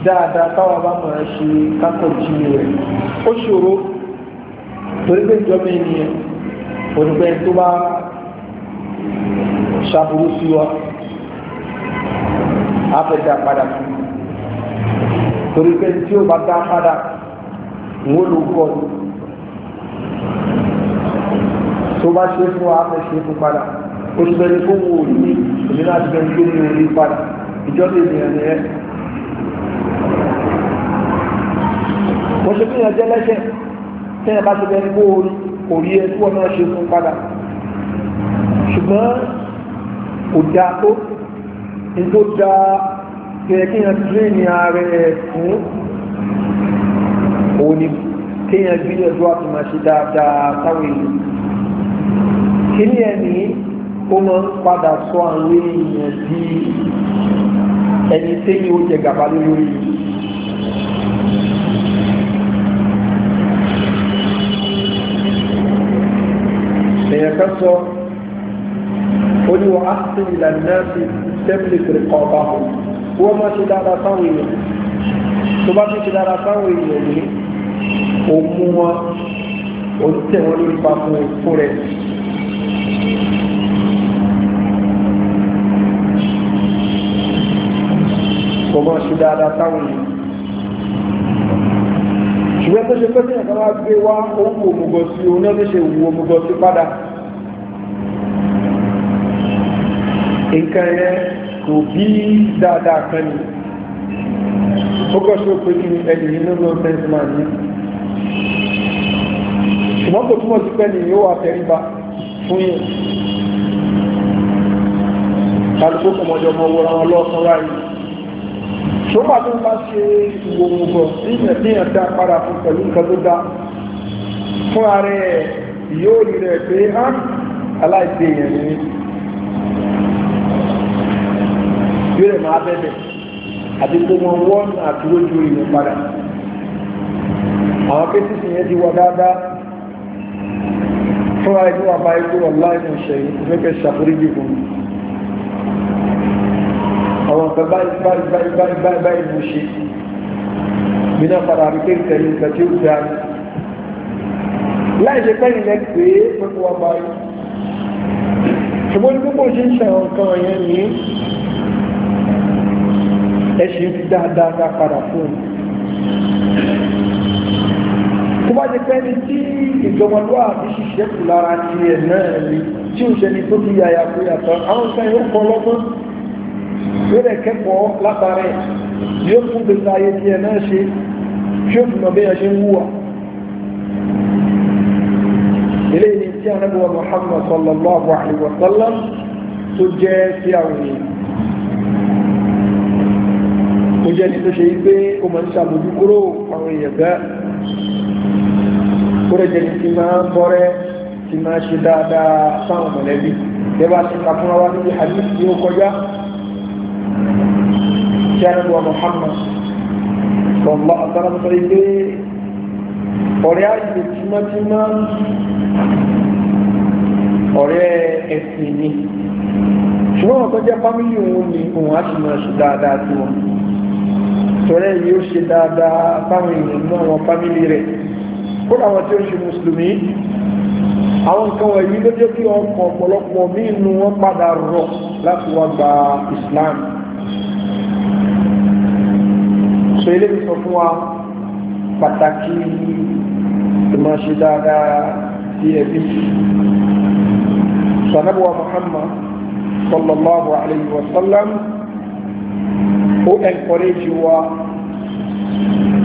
dáadáa táwa bá máa ṣe kákọ̀ jí rẹ̀ ó ṣòro torí pé ìjọba ènìyàn òdùgbẹ́ tó bá ṣàbùrú sí wa àfẹ́dá padà fún torí pé tí ó bá dá padà wọ́n ló kọ́ ni tó bá ṣe fún wa àfẹ́ ṣe fún padà ó ti bẹ́ni kó wo òní èmi náà ti bẹ́ni kó ní òní padà ìjọba ènìyàn ni ẹ. mo ṣe fihàn jẹ́ lẹ́sẹ̀ tẹ́yìn bá ti bẹ́ni kó òrí ẹ tí wọ́n náà ṣe fún padà ṣùgbọ́n kò dáa tó tó dá kẹ́kíyàn tírénì ààrẹ fún òun ni kéèyàn gbìyànjú àti máa ṣe dáadáa táwọn èèyàn kí ni ẹni ó máa ń padà sọ àwọn èèyàn bí ẹni téyìn ó jẹ gàba lórí èèyàn sọ ó ní wọ́n á sí ìlànà sí tẹ́mílìtì kọ̀ọ̀bá wọ́n máa ṣe dáadáa sáwọn èèyàn tó bá ti ṣe dáadáa sáwọn èèyàn ní òmú wọn òtítẹ̀ wọn lórí papọ̀ fún rẹ̀. kò máa ṣe dáadáa sáwọn èèyàn ṣùgbọ́n tó ṣe pẹ́ sí ẹ̀ka wá gbé wá ó ń wo òmùgọ̀ sí náà tó ṣe wo òmùgọ̀ padà. nǹkan yẹn kò bí dáadáa kan ni ó kọ́ sí òpin ní ẹni inú ló fẹ́ sí máa ní ṣùgbọ́n kò túmọ̀ sí pé ni yóò wà tẹríba fún yẹn kálukú kọmọdé ọmọ wọra wọn lọ́ọ̀kan ráyìí tó bá tó bá ṣe ìwòwò bọ̀ níyàn níyàn dá padà fún pẹ̀lú nǹkan tó dá fún ara ẹ̀ yóò rí rẹ̀ pé hàn aláìsí èèyàn ni ìjọ rẹ̀ máa bẹ̀bẹ̀ àti kó wọn wọ́n àti lójú ìwọ̀n padà àwọn kéṣì sì yẹn ti wọ dáadáa fúnra ẹni wà bá ikú wà láì mọ̀ ṣe ìfẹ́kẹ́ ṣàforíjì fún mi àwọn nǹkan báyìí báyìí báyìí báyìí báyìí báyìí mo ṣe mi náà padà rí pé ìtẹ̀lé nǹkan tí ó dáa láì ṣe pẹ́yìn lẹ́ pé pẹ́kọ̀ wà báyìí ṣùgbọ́n ní púpọ̀ ṣe ń ṣàwọn nǹkan yẹn ní ẹ̀ṣì ń fi dáadáa dá padà fún un tó bá ti pẹ́ ni tí ìjọmọlúwà àti ṣiṣẹ́ kù lára ti ẹ̀ náà rí tí ò ṣe ni tó fi yàyà pé yàtọ̀ àwọn nǹkan yóò kọ́ lọ́gbọ́n yóò rẹ̀ kẹ́kọ̀ọ́ látara yóò fún gbèsè ayé ti ẹ̀ náà ṣe tí ó fi bí ẹ̀ ṣe ń wúwa eléyìí tí a nàbẹ̀wọ̀ Muhammad sallallahu alaihi wa sallam tó jẹ́ òun jẹ́ ní tó ṣe pé ó máa ń ṣàbójú kúrò ọ̀rọ̀ èèyàn bẹ́ẹ̀ kúrò jẹ́ ní ti máa ń bọ́rẹ́ ti máa ṣe dáadáa fáwọn mọ̀lẹ́bí bẹ́ẹ̀ bá ti fún wa níbi hadith tí ó kọjá kí a níbo Muhammad sọ̀lá àtàrà sọ pé ọ̀rẹ́ àyè tímọ́tímọ́ ọ̀rẹ́ ẹ̀sìn ni ṣùgbọ́n ọ̀tọ́ jẹ́ fámílì òun ni òun á sì máa ṣe dáadáa tí wọn tọ́rẹ́ yìí ó ṣe dáadáa fáwọn èèyàn ní àwọn fámílì rẹ̀ kó àwọn tí ó ṣe mùsùlùmí àwọn nǹkan wọ̀nyí ló jẹ́ kí ọkọ̀ ọ̀pọ̀lọpọ̀ mí inú wọn padà rọ̀ láti wá gba Islam so ilé sọ fún wa pàtàkì ìmọ̀ ṣe dáadáa sí ẹbí sanabuwa Muhammad sallallahu alayhi wa sallam ó encourage wa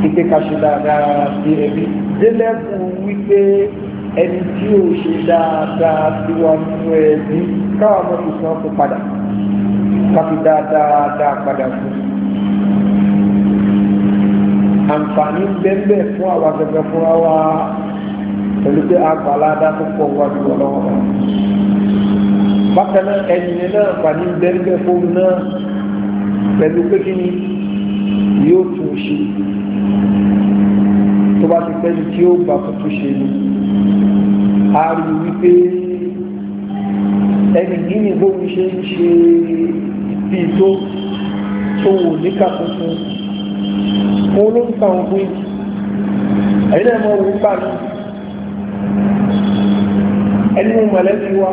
ike ká ṣe dáadáa sí ẹbí délẹ́kùn wípé ẹni tí ó ṣe dáadáa sí wa nínú ẹbí káwọn ọmọ ìsàn kó padà ká fi dáadáa dá padà fún un àǹfààní bẹ́ẹ̀ fún àwọn akẹ́kẹ́ fúnra wa pẹ̀lú pé agbàládá tó pọ̀ wá ju ọlọ́wọ́ bákan náà ẹ̀yìn náà àǹfààní bẹ́ẹ̀ fún náà pẹ̀lú pé kí ni yóò tún ṣe tó bá ti pẹ́ni tí ó gbà tuntun ṣe ni a rí wípé ẹni yìí ni bóun ṣe ń ṣe bí tó tó wò níkà tuntun òun ló ń ta òun náà mọ̀ òun gbà náà ẹni mo mọ̀lẹ́bí wa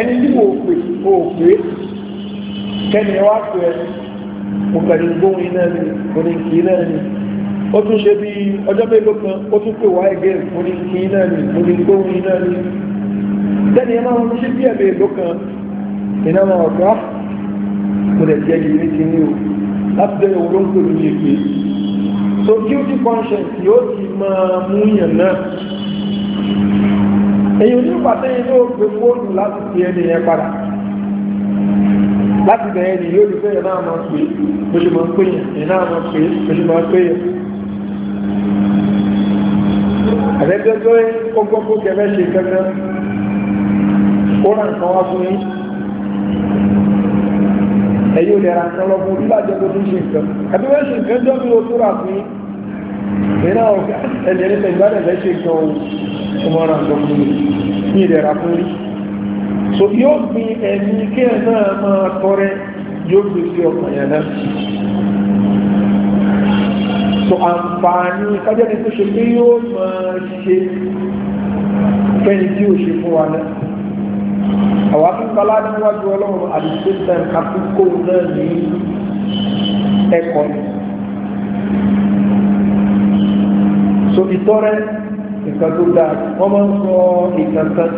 ẹni tí mo pè mo pè é kẹ́ni wá pè ẹ́ mo kẹ̀lú gbóhùn iná ni mo ní kì í náà ni ó tún ṣe bí ọjọ́ mélòó kan ó tún pè wá ẹgẹ́ mo ní ni mo ní gbóhùn iná ni lẹ́ni ẹ máa ń ṣe bí ẹ̀mí èlò kan iná máa ọ̀gá mo lè jẹ́ ìrírí ti ní o láti bẹ̀rẹ̀ wo ló ń pè ní èké so guilty conscience yóò ti máa mú yàn náà èyí onígbà tẹ́yìn ló gbé fóònù láti fi ẹni yẹn padà láti bẹ̀rẹ̀ ni yóò rí fẹ́yẹ̀ náà máa pè bó ṣe máa pèyàn ìná máa pè bó ṣe máa pèyàn àrẹ́gbẹ́gbẹ́ ó gbọ́ kó kẹfẹ́ ṣe kẹfẹ́ ó rà nǹkan wá fún yín ẹ̀yí ò lè ra nǹkan lọ ah, o tó rà fún yín ìná ọ̀gá ẹ̀jẹ̀ nípa ìgbàdàn fẹ́ ṣe nǹkan ọmọ ra nǹkan so yóò gbin ẹ̀mí kí ẹ̀ náà máa tọrẹ yóò gbé sí ọkàn yẹn náà so àǹfààní kájẹ́ni tó ṣe pé yóò máa ṣe fẹ́ni tí ó ṣe fún wa náà àwọn akíkọlá níwájú ọlọ́run àdìsẹ́sẹ̀m àkókò náà ní ẹ̀kọ́ ni so ìtọ́rẹ nǹkan tó dáa wọ́n máa ń sọ ìtàntàn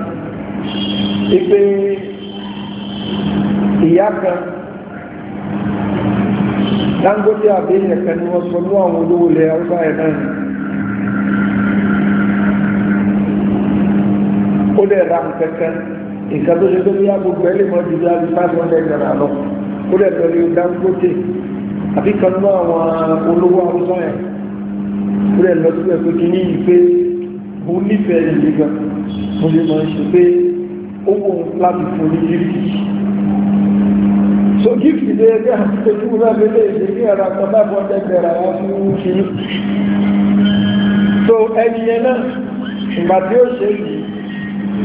ipe ìyá kan Dangote àbẹ́yẹ̀ kan ni wọ́n sọ ní àwọn olówó ilẹ̀ haúsá ẹ̀ náà ó dẹ̀ ra nǹkan kan nǹkan tó ṣe tó bí agbègbè ẹ̀ lè mọ ju bí agbègbè lẹ̀ kan lọ ó dẹ̀ pẹ̀lú Dangote àbí kan ní àwọn olówó haúsá ẹ̀ ó dẹ̀ lọ síbẹ̀ pé kí ní ìpè ó nífẹ̀ẹ́ ìlú gan mo lè mọ̀ ṣe pé ó wò láti fún ní gífì so gífì lè rí àtúntò náà lélẹ̀ èdè ní ara kan bá bọ́ dẹ́gbẹ̀rẹ̀ àwọn fún so ẹni yẹn náà ìgbà tí ó ṣe yìí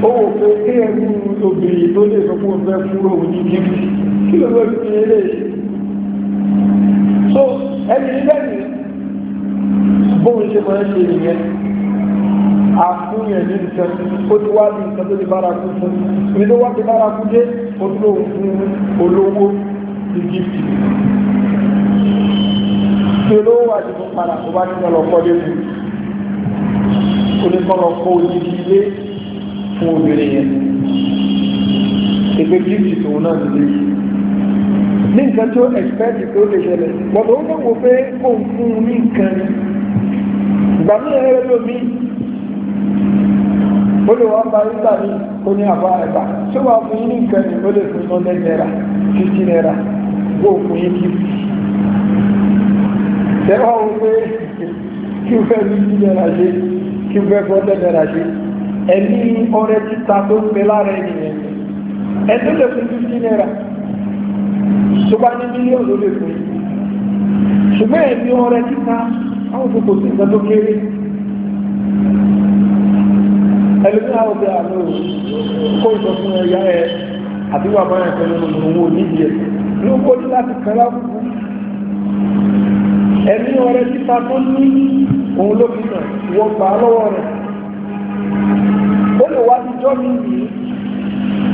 ó wò pé kí ẹni obìnrin tó lè sọ fẹ́ kúrò ní gífì kí ló lọ́ fi lè so ẹni yẹn bóun ṣe máa ń ṣe nìyẹn fún yẹn ní nǹkan ó ti wá ní nǹkan tó ti bára kú fún ní tó wá ti bára kú dé ó tún lòun fún olówó ti gíftì tí olówó wà ti fún padà tó bá ní kọ́ lọ kọ́ lé fún kó ní kọ́ lọ kọ́ òjijì ilé fún obìnrin yẹn ìpè gíftì tòun náà nílé ní nǹkan tó ẹ̀sìpẹ́ẹ̀tì tó lè ṣẹlẹ̀ gbọ́dọ̀ ó dẹ̀ wò pé kó ń fún un ní nǹkan ìgbà mí ẹ̀rẹ́ lómi olùwà barista ní oní àbá ẹ̀bà tí wàá fún yín ní nǹkan ní olè fún iná lẹ́yìn náírà fifty naira bó fún yín kí tẹ́wọ́ wo pé kí n fẹ́ fifty naira ṣe kí n fẹ́ fọ́tẹ́ naira ṣe ẹ̀mí ọrẹ títa tó ń pè lára ẹni yẹn ẹni lè fún fifty naira tó bá ní mílíọ̀nù ló lè fún yín ṣùgbọ́n ẹ̀mí ọrẹ títa àwọn òṣèlú kò sí nǹkan tó kéré ẹlòmí àwọn ọ̀gbẹ́ àmì òun kó ìsọ fún ẹ̀yà ẹ̀ àbíwá máa ń pẹ̀lú òun ò níbi ẹ̀ ló kó ní láti kan lábùkù ẹ̀mí ọ̀rẹ́ títa tó ní òun ló fi hàn wọ́n gbà á lọ́wọ́ rẹ̀ ó lè wá níjọ́ mi yìí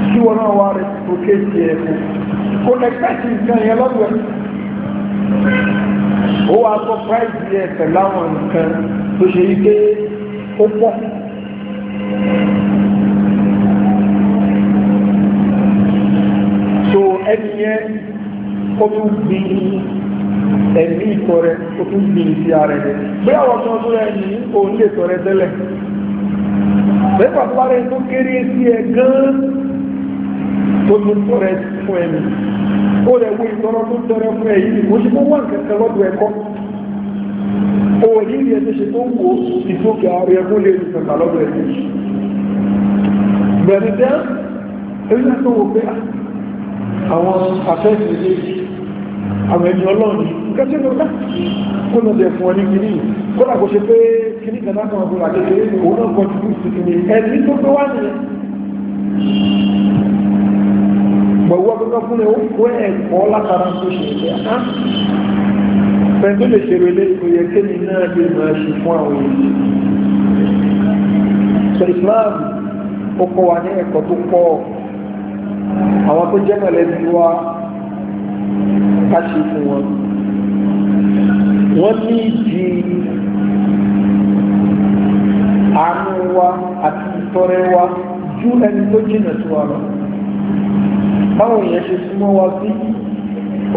kí wọn náà wá rẹ̀ tó kéèkì ẹ̀ kó kò ẹ̀kẹ́sì nǹkan yẹn lọ́dọ̀ ẹ̀ ó wàá sọ price yẹn pẹ̀láwọn nǹkan tó ṣe yí ó pọ̀ so ẹni yẹn ó tún gbin ẹ̀mí ìtọrẹ ó tún gbin sí ara rẹ̀ bí àwọn ọmọ ọdún rẹ̀ ní òun lè tọrẹ tẹ́lẹ̀ bẹ́ẹ̀ bàbá rẹ̀ tó kéré sí ẹ gan-an tó tún tọrẹ fún ẹni ó rẹ̀ wo ìtọrọ tó tọrẹ fún ẹ yìí ó ṣe kó wà nǹkan kan lọ́dọ̀ ẹ̀kọ́ òní rí ẹni ṣe tó wò ìfókè ààrẹ ẹgbùn lè rìpẹ̀tà lọ́dọ̀ ẹ̀mí bẹ̀rẹ̀ tẹ́ ẹgbẹ́ tó wò pé àwọn afẹ́sì lè àwọn ẹni ọlọ́ọ̀ni nǹkan tí ó lọ́dá kó lọ́dẹ̀ fún ọ ní kìíní kódà kó ṣe pé kìíní kan láti ọgbọ̀n àtẹ́kẹ́ òun náà kọjú sí kìíní ẹni tó tó wá nìyẹn gbọ̀wọ́ gbọ́gbọ́ fún ẹ̀ ẹ̀kọ́ látara tó ṣe ẹ̀kẹ́ fẹ́ tó lè ṣeré lé kò yẹ kéni náà lè máa ṣe fún àwọn èèyàn so Islam ó kọ́ wa ní ẹ̀kọ́ tó pọ̀ àwọn tó jẹ́ mọ̀lẹ́bí wa ká ṣe fún wọn wọ́n ní ìdí àánú wa àti ìtọrẹ wa ju ẹni tó jìnà sí wa lọ báwọn èèyàn ṣe súnmọ́ wa sí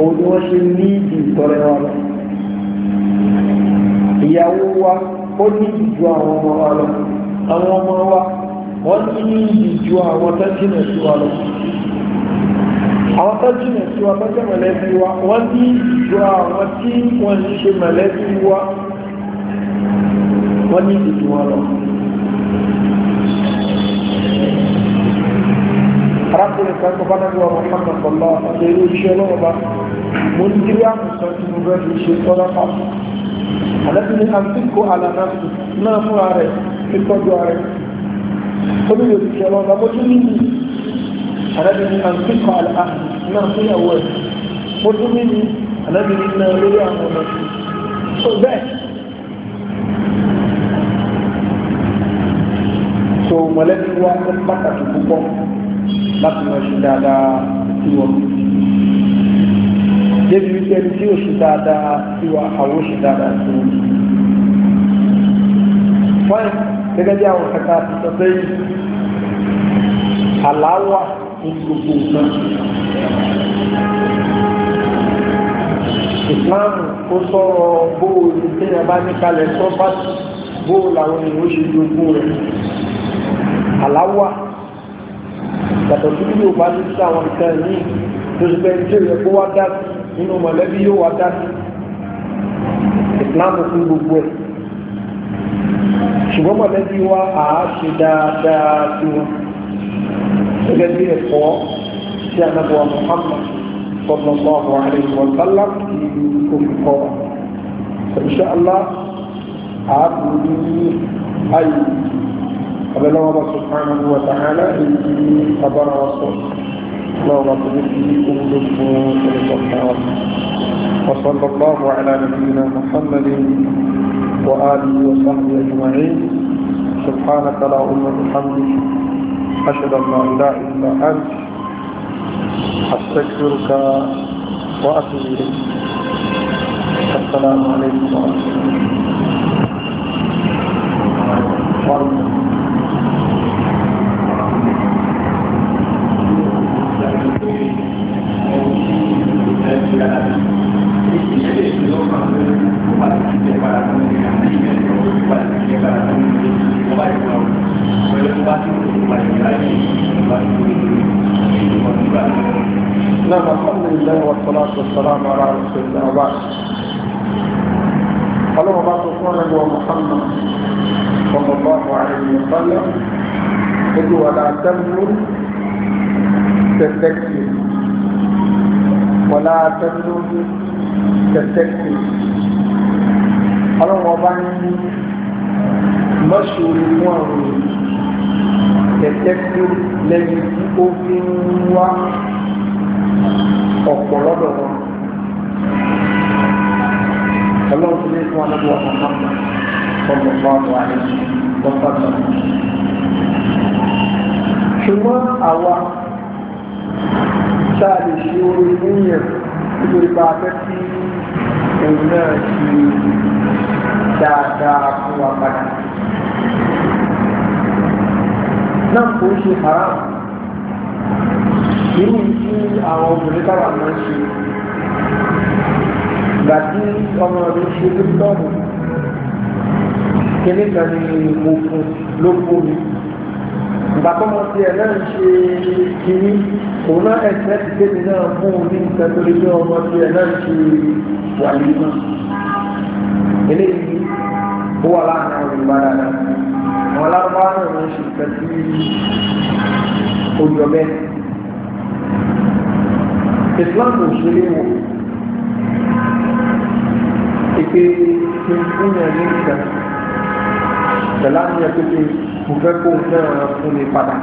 òun ni wọ́n ṣe ní ìdí ìtọrẹ wa lọ ìyàwó wa ó ní ìjú àwọn ọmọ wa lọ àwọn ọmọ wa wọ́n ní ìjú àwọn tẹ́jìnà sí wa lọ àwọn tẹ́jìnà sí wa tẹ́jẹ̀ mọ̀lẹ́bí wa wọ́n ní ìjú àwọn tí wọ́n ń ṣe mọ̀lẹ́bí wa wọ́n ní ìjú wọn lọ arákùnrin kan tó bá dájú ọmọ mọ́tò sọ̀lọ́ àti eré iṣẹ́ lọ́wọ́ bá mo ń dírí àmùsọ̀ tí mo bẹ́ẹ̀ fi ṣe tọ́lá pàtó àlẹ́bí ní àǹtíkò àlànàfù náà fúnra rẹ̀ nítọ́jú rẹ̀ olùyọ̀ òṣìṣẹ́ lọ lọ́mọ tó níbi àlẹ́bí ní àǹtíkò àlànàfù náà fúnyàwó ẹ̀ mo tún níbi àlẹ́bí ní náà lórí àwọn ọmọ tó bẹ́ẹ̀ so mọ̀lẹ́bí wa ń pàtàkì púpọ̀ láti mọ̀ ṣe dáadáa sí wọn débi wípé ẹni tí ó ṣe dáadáa sí wa àwọn ó ṣe dáadáa sí wọn. fún gẹ́gẹ́ bí àwọn kẹta ti sọ pé àláwà ní gbogbo nǹkan. ìsìláàmù ó sọ̀rọ̀ bóòlù téèyàn bá ní kalẹ̀ sọ́fà bóòlù àwọn èèyàn ó ṣe jogún rẹ̀. àláwà yàtọ̀ sí bí yóò bá ní sí àwọn nǹkan yìí tó ṣe pé ní tí ó wá dá sí nínú mọ̀lẹ́bí yóò wá dá sí ìsìláàmù fún gbogbo ẹ̀ ṣùgbọ́n mọ̀lẹ́bí wa à á ṣe dáadáa sí wọn gẹ́gẹ́ bí ẹ̀kọ́ sí anábọ̀wá Muhammad sallallahu alaihi wa sallam ti olùkọ́ wa insha Allah à á bù ní ayé abẹ́lẹ́wọ̀n bá subhanahu wa ta'ala èyí abára wa sọ̀rọ̀. اللهم اغفر فيكم بالذنوب والخطايا وصلى الله على نبينا محمد وآله وصحبه أجمعين سبحانك لا أمة بحمدك أشهد أن لا إله إلا أنت أستغفرك وأتوب إليك السلام عليكم ورحمة الله وبركاته نعم الحمد لله والصلاة والسلام على رسول الله وبعد قالوا الله سبحانه محمد صلى الله عليه وسلم إذ ولا تمنوا تستكثر ولا تمنن تستكثر قالوا وبعد مشوا للمعروف tẹ̀tẹ́kù lẹ́yìn tí ó fi ń wá ọ̀pọ̀ lọ́dọ̀ wọn ọlọ́run ti ní fún wa lọ́dọ̀ wọn máa ń bọ̀ ọmọ wa lọ́sàtọ̀ ṣùgbọ́n àwa tá a lè ṣe orin níyàn nítorí bá a fẹ́ kí òun náà ṣe dáadáa fún wa padà. náà kò ń ṣe haram irú tí àwọn obìnrin káwà máa ń ṣe gbà tí ọmọ rẹ̀ ṣe lókítọ́ọ̀mù kíní kan ní mo fún ló fún mi ìgbà tó mọ sí ẹ náà ṣe kíní òun náà ẹsẹ ti tẹ́mi náà fún un ní nǹkan tó lé ní ọmọ sí ẹ náà ṣe wà nínú eléyìí ó wà láàárín àwọn ìgbà dáadáa àwọn alábá náà wọ́n ṣe nǹkan tí ó yọ bẹ́ẹ̀. Islam ò ṣe lé wọ̀ pé kí n fún yẹn ní nǹkan pẹ̀lú àwọn yẹn pé mo fẹ́ kó náà fún mi padà.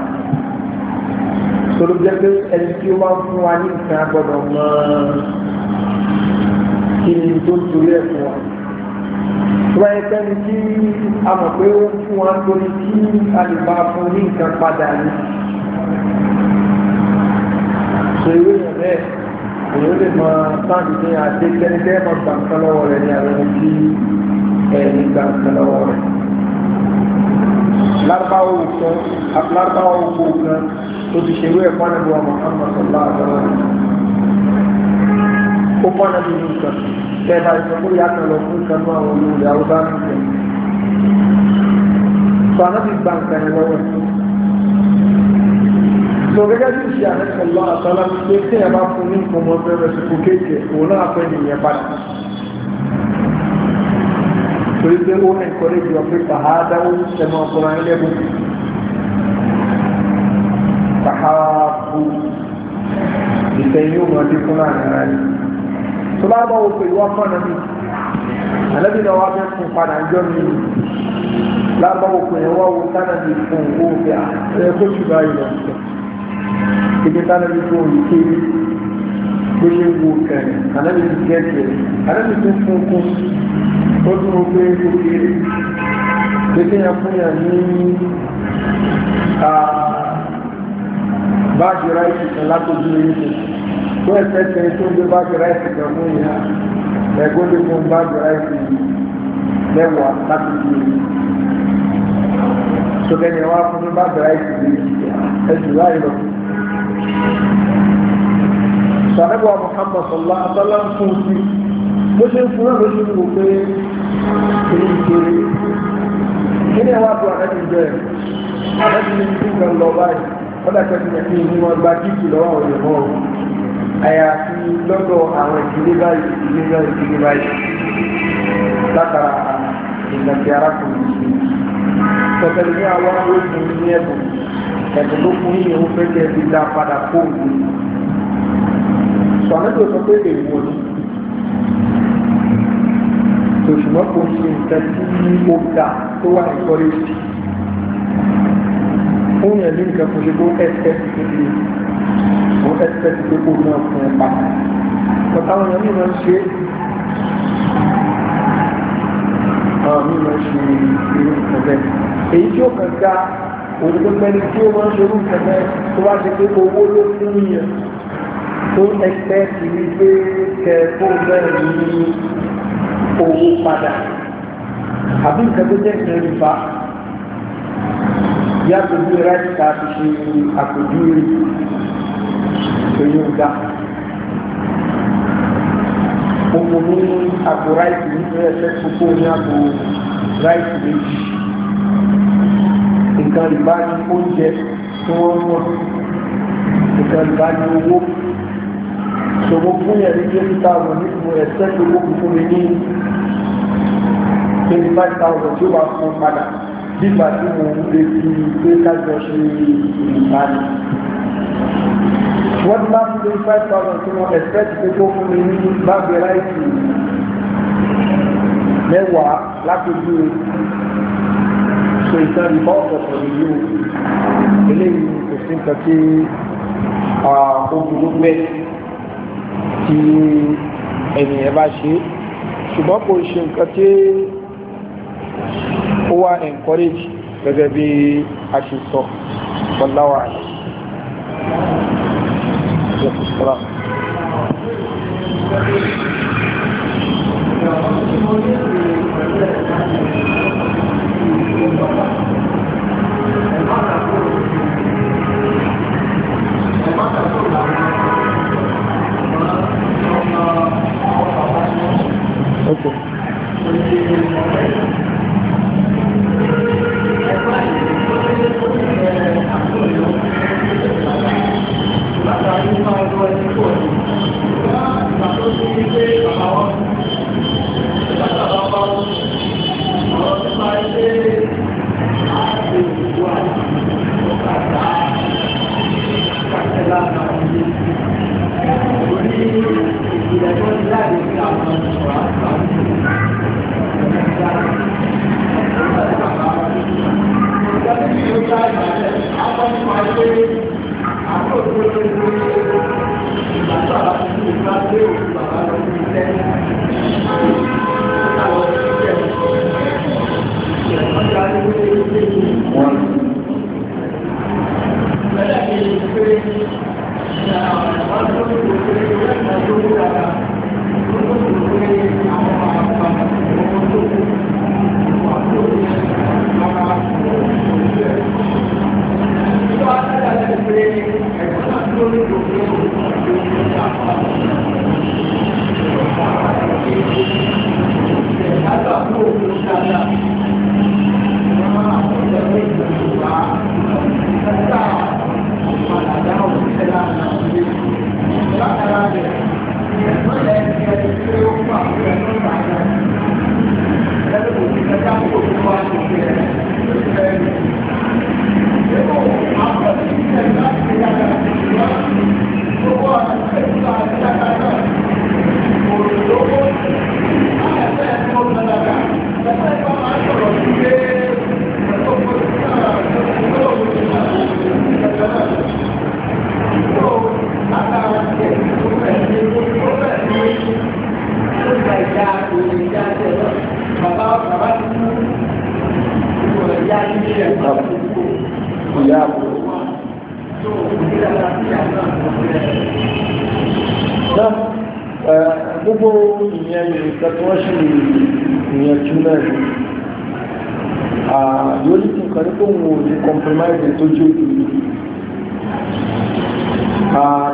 Sọlọ́ pé ẹni tí ó wá fún wa ní nǹkan gbọ́dọ̀ mọ́ kí ni tó torí ẹ̀ fún wa wọ́n yẹ pẹ́ni tí a mọ̀ pé ó fún wa torí tí a lè bá fún ní nǹkan padà ní. ṣe ìwé yẹn bẹ́ẹ̀ èyí ó lè mọ sáàdì ní àti kẹ́nikẹ́ mọ̀ gbàǹkan lọ́wọ́ rẹ̀ ní àwọn ohun tí ẹ̀ẹ́nì gbàǹkan lọ́wọ́ rẹ̀. lárúbáwò sọ lárúbáwò kó kan tó ti ṣe ìwé ẹ̀kọ́ níbo ọmọ ọmọ sọ̀lá àgbà rẹ̀. ó pọ́n náà bí nǹkan kẹba ìṣòro yàtọ̀ lọ fún kanú àwọn ọmọ ìyá ọba nìyẹn sọ anábì gba nǹkan yẹn lọ́wọ́ sọ gẹ́gẹ́ bí ìṣe àrẹ́sọ̀lọ́ àtọ́lá pé tí ẹ bá fún ní nǹkan ọmọ ọbẹ̀ rẹ̀ sọ̀kò kéèké òun náà fẹ́ nìyẹn padà torí pé ó ní nǹkan lè jọ pé tàhá dáwó ẹmọ ọkùnrin ilé bù tàhá bù ìfẹ́ yóò mọ̀ nìyẹn tó bá bọ́ wo pẹ̀lú ọkọ̀ náà mi ànábì náà wá fẹ́ fún padà jọ mi lábọ́ wo pẹ̀lú wá wo tánà mi fún owó bí a ẹ kó jù báyìí lọ sí ibi tánà mi fún òyìn kéré bó ṣe wo kẹrin ànábì ti kẹ́ kéré ànábì tó fún kún ó tún wo pé kó kéré pé kéèyàn fún yàn ní báàgì ráìtì kan látọ̀jú ẹ̀yìn tuntun tó ẹsẹ̀ ṣe tó ń gbé báàgì ráìsì kan mú ìyá ẹgbẹ́ ló fún báàgì ráìsì mẹ́wàá láti fi sọdẹ́ni wa fún báàgì ráìsì méjì ẹjù láì lọ. sàrẹ́bùwà Muhammad sọlá abala ń fún sí bó ṣe ń fún náà ló ṣe ń wò pé èyí kéré kí ni wàá tó àdájú jẹ àdájú ní ìdíkan lọ báyìí wọ́n dàgbẹ́ ti yẹ kí ni wọ́n gba jíìkì lọ́wọ́ òyìnbó ọ̀hún àyàfi lọ́dọ̀ àwọn ìdílé báyìí ìdílé báyìí ìdílé báyìí látara ìgbàgbé arákùnrin sí tọ́tẹ̀lẹ́ ní àwọn olóògùn ní ẹ̀bùn ẹ̀bùn ló fún yìí ó fẹ́ kẹ́ fi dá padà kóòdù sọ̀rọ̀dọ̀ sọ pé lè wò ní tòṣùmọ́ kò ṣe nǹkan tí ó ga tó wà ìkọ́rẹ́sì fún yẹn nǹkan kò ṣe tó ẹ̀ẹ́sì ẹ̀ẹ́dẹ́gbẹ̀tì pé kó náà fún un padà bọ́tà àwọn èèyàn mìíràn ṣe àwọn mìíràn ṣe irú nǹkan bẹ́ẹ̀ èyí tí ó kàn ga òdòdógbẹ́ni tí ó máa ń ṣe irú nǹkan bẹ́ẹ̀ tó bá ṣe pé owó ló fún yẹn tó ẹgbẹ́ ti rí pé kẹ́ẹ̀kọ́ bẹ́ẹ̀ ní owó padà àbí nǹkan tó jẹ́ ìrìn nípa yàtọ̀ bí ráìtà ti ṣe àpèjúwe èyí ń dá gbogbo ní àgbo ráìtì nítorí ẹsẹ̀ gbogbo ní àgbo ráìtì méjì nǹkan rìbá ní oúnjẹ tí wọ́n mọ̀ nǹkan rìbá ní owó ṣòwò fún yẹn ní twenty thousand ní ìmọ̀ ẹsẹ̀ tó gbogbo fún mi ní twenty five thousand tí ó bá fún padà bí ìgbà tí mo lè fi gbé kájọ ṣe ìrìnbá wọ́n bá ti lé five thousand tí wọ́n expect pé kó fún mi ní báàgì ráìtì mẹ́wàá lápẹjú so ìtàn ìbá ọ̀pọ̀pọ̀ nìyí o eléyìí kò sí nǹkan tí obìnrin gbẹ tí ènìyàn bá ṣe ṣùgbọ́n kò ṣe nǹkan tí ó wá encourage gẹ́gẹ́ bí a ṣe sọ pọ̀láwà rẹ̀. 好了。náà gbogbo ìyẹn ìrìnkà tí wọ́n ṣe ìyẹn jù náà yóò ní kí nǹkan nípò wọn ò ní compromise tó jẹ́ òkú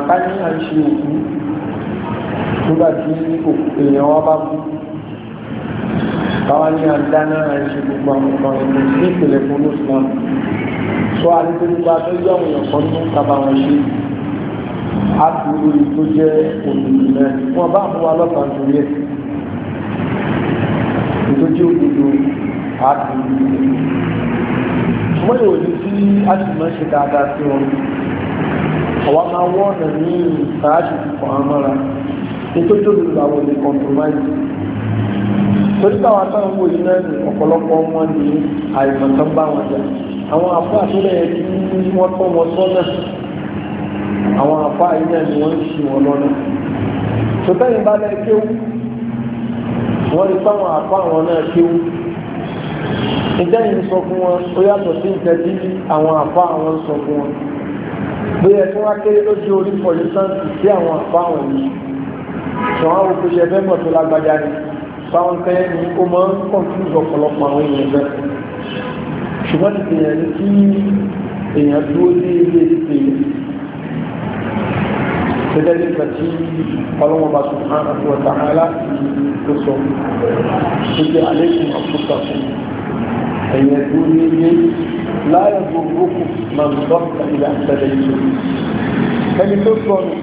káyé à ń ṣe òkú nígbà tí èèyàn wa bá kú báwa ní àdáná à ń ṣe gbogbo àwọn ọmọ ẹ̀mọ́ sí fún Islam sọ àdéhùn nípa tó àwọn èèyàn kan ní kábàáwọn ṣe àtúrú tó jẹ́ olùdílẹ̀ wọn bá mú wa lọ́kàn tó yẹ ìtọ́jú òdodo àtúrú wọ́n yóò ní sí àtìmọ́ ṣe dáadáa sí wọn àwa máa wọ́n ọ̀nà ní ìsáàṣì fífọ́ àmọ́ra ìtọ́jú òdodo àwọn olè compromise torí báwa táwọn owó yìí náà ní ọ̀pọ̀lọpọ̀ wọn ní àìmọ̀tán bá wọn jà àwọn àfọ àtúrẹ̀ yẹn wọ́n tọ́ wọn sọ́nà àwọn àfáà yìí náà ni wọ́n ń ṣe wọn lọ́nà sọtẹ́yìn bá lẹ́ kéwú wọ́n lè fáwọn àfáà wọn náà kéwú ìtẹ́yìn sọ fún wọn ó yàtọ̀ sí ìtẹ́jú àwọn àfáà wọn sọ fún wọn bóyá tí wọ́n á kéré lójú orí pọ̀lísáǹtì sí àwọn àfáà wọn yìí sọ àwọn òkúṣe ẹgbẹ́ mọ̀ tó lágbájá ni báwọn fẹ́ ni ó máa ń kọ̀ǹtúnṣe ọ̀pọ̀lọpọ̀ àwọn èèyàn bẹ́ẹ̀ ṣùgbọ́n ti tèèyàn ní kí èèyàn dúró dé ilé ìpè yìí gẹ́gẹ́ bí nǹkan tí ọlọ́mọba subhanahu wa ta'ala tó sọ tó jẹ́ àlékún àfúsàfún ẹ̀yẹ tó ní ilé láyé gbogbo máa ń dọ́kítà ilé àtẹ́lẹ̀ yìí ẹni tó sọ nù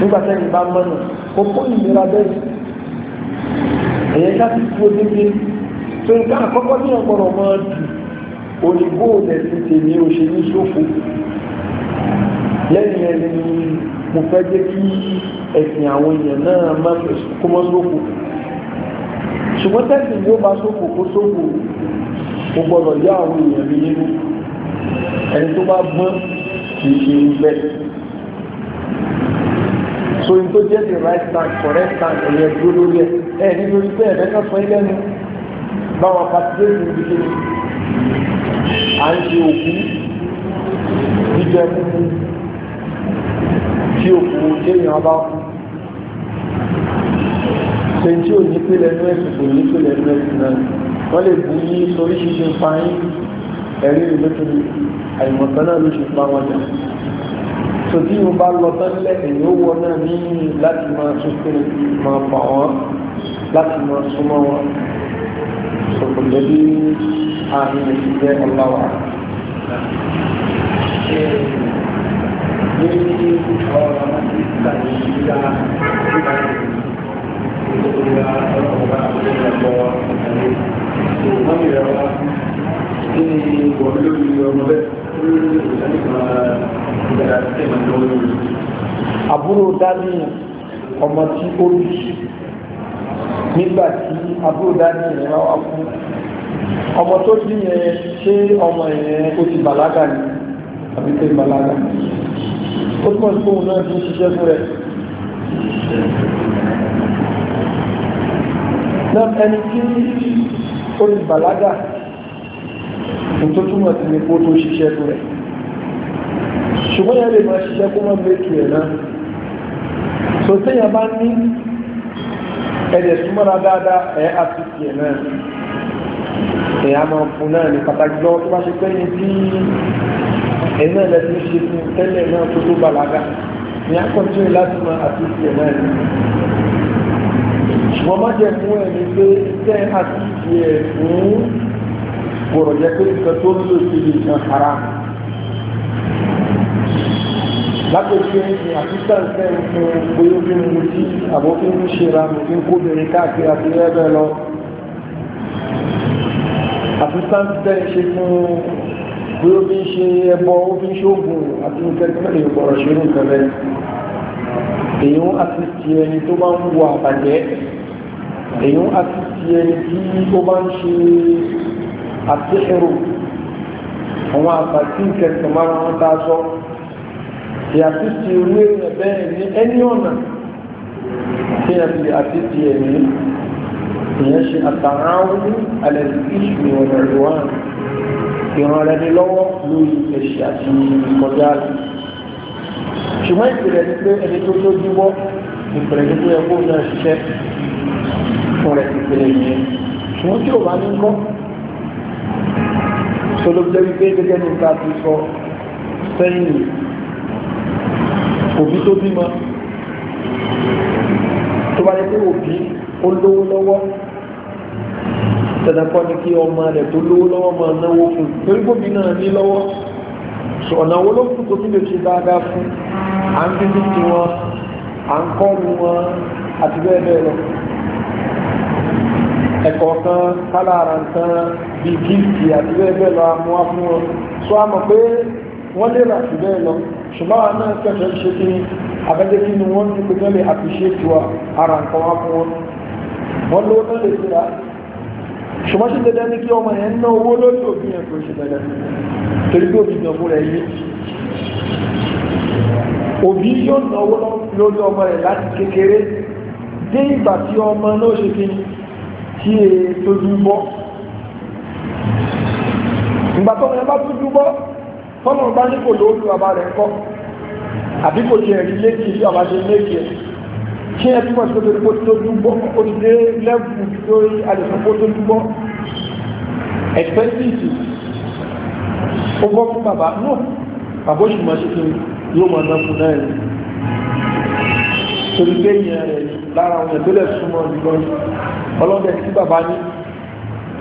nígbà tẹ́yìn bá mọ́nà kò kó ìlera bẹ́ẹ̀ ẹ̀yẹ ká ti kú odéke tó nǹkan àkọ́kọ́ ní ọ̀pọ̀rọ̀ máa òyìnbó rẹ̀ ti tèmi ò ṣe ní ṣòfò lẹ́yìn ẹni mo fẹ́ jẹ́ kí ẹ̀sìn àwọn èèyàn náà má fẹ́ kó mọ́ sóko ṣùgbọ́n tẹ́sí yóò bá sóko kó sóko mo gbọ́dọ̀ yá àwọn èèyàn mi nínú ẹni tó bá gbọ́n kì í ṣe irú bẹ́ẹ̀. so n tó jẹ́ the right stand correct stand ẹ̀yẹ dúró lórí ẹ̀ ẹ̀ nínú orí bẹ́ẹ̀ mẹ́ta sọ ilé ẹnu báwọn pàṣípẹ́ẹ̀tì ń dìde à ń ṣe òkú jíjẹ mímu tí òkú téèyàn bá kú ṣe tí ò ní pílẹ̀ inú ẹ̀sìn kò ní pílẹ̀ inú ẹ̀sìn náà wọ́n lè bú yí oríṣiríṣi ń fa yín ẹ̀rí ìlú tó ní àìmọ̀kan náà ló ṣe pa wọn jà tòbí mo bá lọ tánlẹ̀ èyí ó wọ náà ní láti máa sunkún máa pa wọn láti máa súnmọ́ wọn sọ̀kò lẹ́bí àmì ìṣẹ́ ọ̀làwà àbúrò dánìyàn ọmọ tí ó rí nígbà tí àbúrò dánìyàn rán wá fún ọmọ tó dín yẹn ṣé ọmọ yẹn ó ti bàlágà ni àbí pé bàlágà ni ó túnmọ̀ sí òun náà ti ń ṣiṣẹ́ fún rẹ̀ náà ẹni tí ó lè bàlágà tó túnmọ̀ sí ní kó tó ṣiṣẹ́ fún rẹ̀ ṣùgbọ́n yẹn lè máa ṣiṣẹ́ kó mọ́ méjì ẹ̀ náà so téèyàn bá ní ẹ̀dẹ̀ súnmọ́ra dáadáa ẹ̀ a ẹ̀ náà èèyàn máa fún náà ní pàtàkì lọ́wọ́ tó bá ṣe pé ẹ̀yìn náà lẹ́tí ṣe fún tẹ́lẹ̀ náà tó tó balaga ní akọ́jú láti máa àti ìfẹ́ náà ní. ṣùgbọ́n má jẹ́ fún ẹ̀ ní pé tẹ́ àti ìfẹ́ ẹ̀ fún gbọ̀rọ̀ jẹ́ pé nǹkan tó ń lò sí lè san ara. lápẹ̀jú ẹ̀yìn àti sàǹsẹ̀ ń fún bóyá bí mo ti àbófin ń ṣe ra mo ti ń káàkiri àti ẹ̀bẹ̀ lọ. àti ń ṣe fún bí ó fi ń ṣe ẹbọ ó fi ń ṣóògùn àti ìfẹ́kẹ́mẹ́rin ìgbọ̀rọ̀ ṣerú kẹfẹ́ èyàn àti ti ẹni tó bá ń wo àbàjẹ́ èyàn àti ti ẹni tí ó bá ń ṣe àtẹ́rù àwọn àbàtí ìkẹsìmára wọn tá a sọ ti àti ti orí èèyàn bẹ́ẹ̀ ní ẹni ọ̀nà tí a fi àti ti ẹni èyàn ṣe àtàrà àwọn alẹ́ ìṣù ìwọ̀n ìwọ̀n ìrànlẹ́ni lọ́wọ́ lórí ẹ̀ṣẹ̀ àti ìkọjá rẹ̀ ṣùgbọ́n ìpìlẹ̀ ni pé ẹni tó tó júwọ́ ìpìlẹ̀ ni pé ẹkọ́ náà ṣiṣẹ́ fún rẹ̀ ìpìlẹ̀ yìí ṣùgbọ́n tí ò bá ní kọ́ sọlọ́gbẹ́ wípé gẹ́gẹ́ ní ká ti sọ sẹ́yìn òbí tó bímọ tó bá yẹ pé òbí ó lówó lọ́wọ́ tẹ̀dàkọ́ ni kí ọmọ rẹ̀ tó lówó lọ́wọ́ máa náwó fún torí gbòmí náà ní lọ́wọ́ ọ̀nà wo ló kù tó tún lè ṣe dáadáa fún à ń bíbí tí wọn à ń kọ́nu wọn àti bẹ́ẹ̀ bẹ́ẹ̀ lọ ẹ̀kọ́ kan kálára nǹkan bíi gíìsì àti bẹ́ẹ̀ bẹ́ẹ̀ lọ amú wá fún wọn sọ àmọ̀ pé wọ́n lè rà sí bẹ́ẹ̀ lọ ṣùgbọ́n àwọn náà kẹfẹ́ ń ṣe kí ni abẹ́jẹ́ kí ni wọ́n ní pé wọ́n lè àfiṣe tiwa ara nǹkan wá fún wọn wọ́n lówó náà lè ṣe rà á ṣùgbọ́n ṣe dandan ní kí ọmọ yẹn ná owó lórí òbí yẹn kò ṣe dandan torí pé òbí gan fúnra yé òbí yóò ná owó lórí ọmọ rẹ̀ láti kékeré dé ìgbà tí ọmọ náà ṣe fi tí e tójú bọ́ ìgbà tó yẹn bá tójú bọ́ tọ́nà bá ní kò lórí bàbá rẹ̀ kọ́ àbí kò tiẹ̀ rí ṣé ẹ túmọ̀ sí pé kó tó dúbọ́ ó ti dé lẹ́bù lórí àdìsàn kó tó dúbọ́ expenses ó bọ́ fún bàbá náà bàbá oṣù máa ṣe kí yóò máa ná fún náà yìí torí pé ìyẹn rẹ̀ lára àwọn èèyàn tó lẹ̀ súnmọ́ jùlọ ọlọ́dẹ tí bàbá ní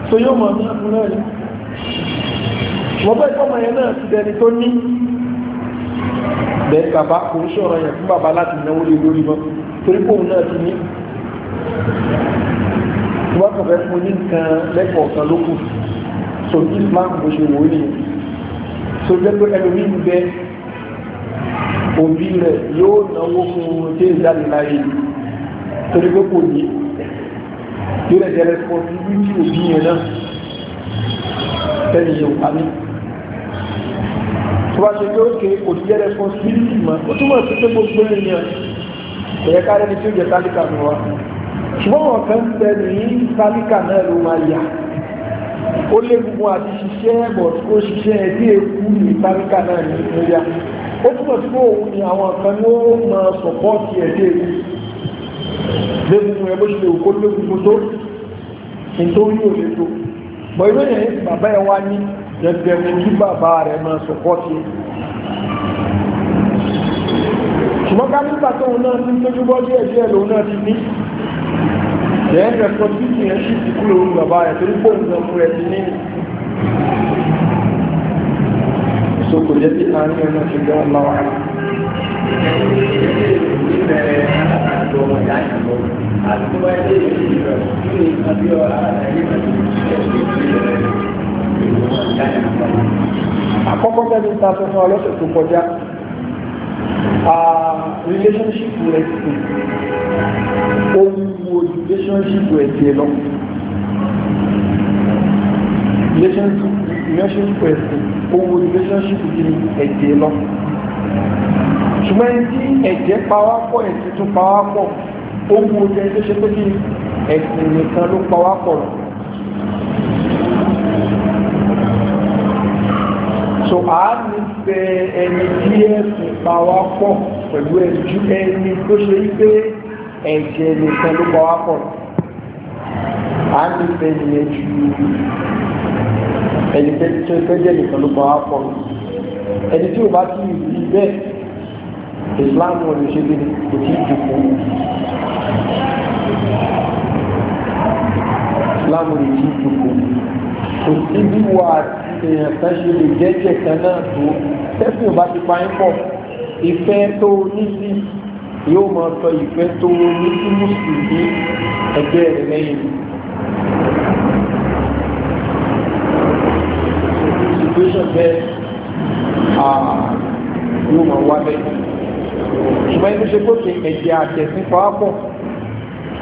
tó yóò máa ná fún náà yìí wọ́n bẹ́ẹ̀ tọ́mọ yẹn náà ti dẹni tó ní bẹ́ẹ̀ bàbá kò ń ṣọ̀rọ̀ yẹn fún bàbá láti náwó lé lórí mọ́tò torí kóun náà ti ní wọ́n kàn fẹ́ fún ní nǹkan lẹ́kọ̀ọ́ kan ló kù so islam bó ṣe wò ní so jẹ́ pé ẹlòmí ń bẹ òbí rẹ̀ yóò náwó fún ṣé ìjáde láyé torí pé kò ní yóò lẹ̀ jẹ́ responsibility òbí yẹn náà tẹ́lẹ̀ yóò parí tó bá ṣe pé ó ké kò jẹ́ responsibility mọ́ ó túmọ̀ sí pé gbogbo ènìyàn ẹ̀yẹ ká lẹ́ni tí ó jẹ tálíkà mi wá ṣùgbọ́n wọn kan bẹ ní tálíkà náà ló máa yà ó lé gbogbo àti ṣiṣẹ́ bọ̀ ó ṣiṣẹ́ ẹbí èkú ní tálíkà náà ní ló yà ó túbọ̀ tí kò òun ni àwọn kan ló máa sọ̀pọ́ọ̀tì ẹbí èkú lẹ́gbùn ẹ bó ṣe lè kó lẹ́gbùn tó nítorí òde tó bọ̀ ìròyìn bàbá ẹ wá ní gẹ́gẹ́ mú kí bàbá rẹ̀ máa sọ̀pọ́ọ̀tì ṣùgbọ́n ká nígbà tóun náà ti tójú bọ́ díẹ̀ díẹ̀ lòun náà ti ní then responsibility yẹn ṣì ti kúrò ní bàbá rẹ̀ torí pòun náà fún ẹ ti ní so kò jẹ́ sí àárín ẹ̀nà ṣe gbọ́ ọ̀la wa. Àkọ́kọ́ tẹ́lẹ̀ ta sọ fún ọlọ́sẹ̀ tó kọjá relationship rẹ̀ sí ó relationship rẹ̀ sí ẹ lọ relationship rẹ̀ sí ó relationship rẹ̀ sí ẹ lọ ṣùgbọ́n ẹni tí ẹ̀jẹ̀ pawápọ̀ ẹ̀sìn tún pawápọ̀ ó wú ojú ṣe pé kí ẹ̀sìn nìkan ló pawápọ̀ rẹ̀. so àánú fífẹ́ ẹni tí ẹ̀sìn pa wá pọ̀ pẹ̀lú ẹjú ẹni tó ṣe wípé ẹ̀jẹ̀ nìkan ló pa wá pọ̀ à ń fífẹ́ ẹnìyẹn ju ẹni tó fẹ́jẹ̀ nìkan ló pa wá pọ̀ ẹni tí ò bá ti rí bẹ́ẹ̀ Islam wọn ló ṣe bí kò tí ì dìbò Islam wọn ló ṣe dìbò kò sí bí wà èèyàn kan ṣe lè jẹ́jẹ̀ kan náà tó tẹ́sí ò bá ti pa ń pọ̀ ìfẹ́ tó ní sí yóò máa sọ ìfẹ́ tó ní sí mùsùlùmí ẹgbẹ́ rẹ̀ lẹ́yìn situation bẹ́ẹ̀ yóò máa wá bẹ́ẹ̀ ṣùgbọ́n inú ṣe kó ṣe ẹ̀jẹ̀ àtẹ̀sí pàápọ̀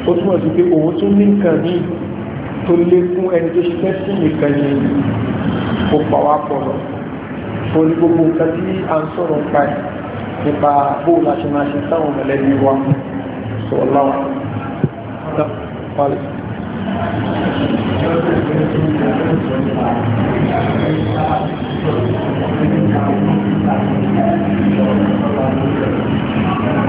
ó túmọ̀ sí pé òun tún ní nǹkan míì tó lékún ẹni tó ṣiṣẹ́ sí nìkan ni kò pa wá pọ̀ lọ fún ní gbogbo nǹkan tí a ń sọ̀rọ̀ nípa ẹ̀ nípa bóòlù àti máa ṣe sáwọn mọ̀lẹ́bí wa sọ̀rọ̀ láwọn ọ̀dọ́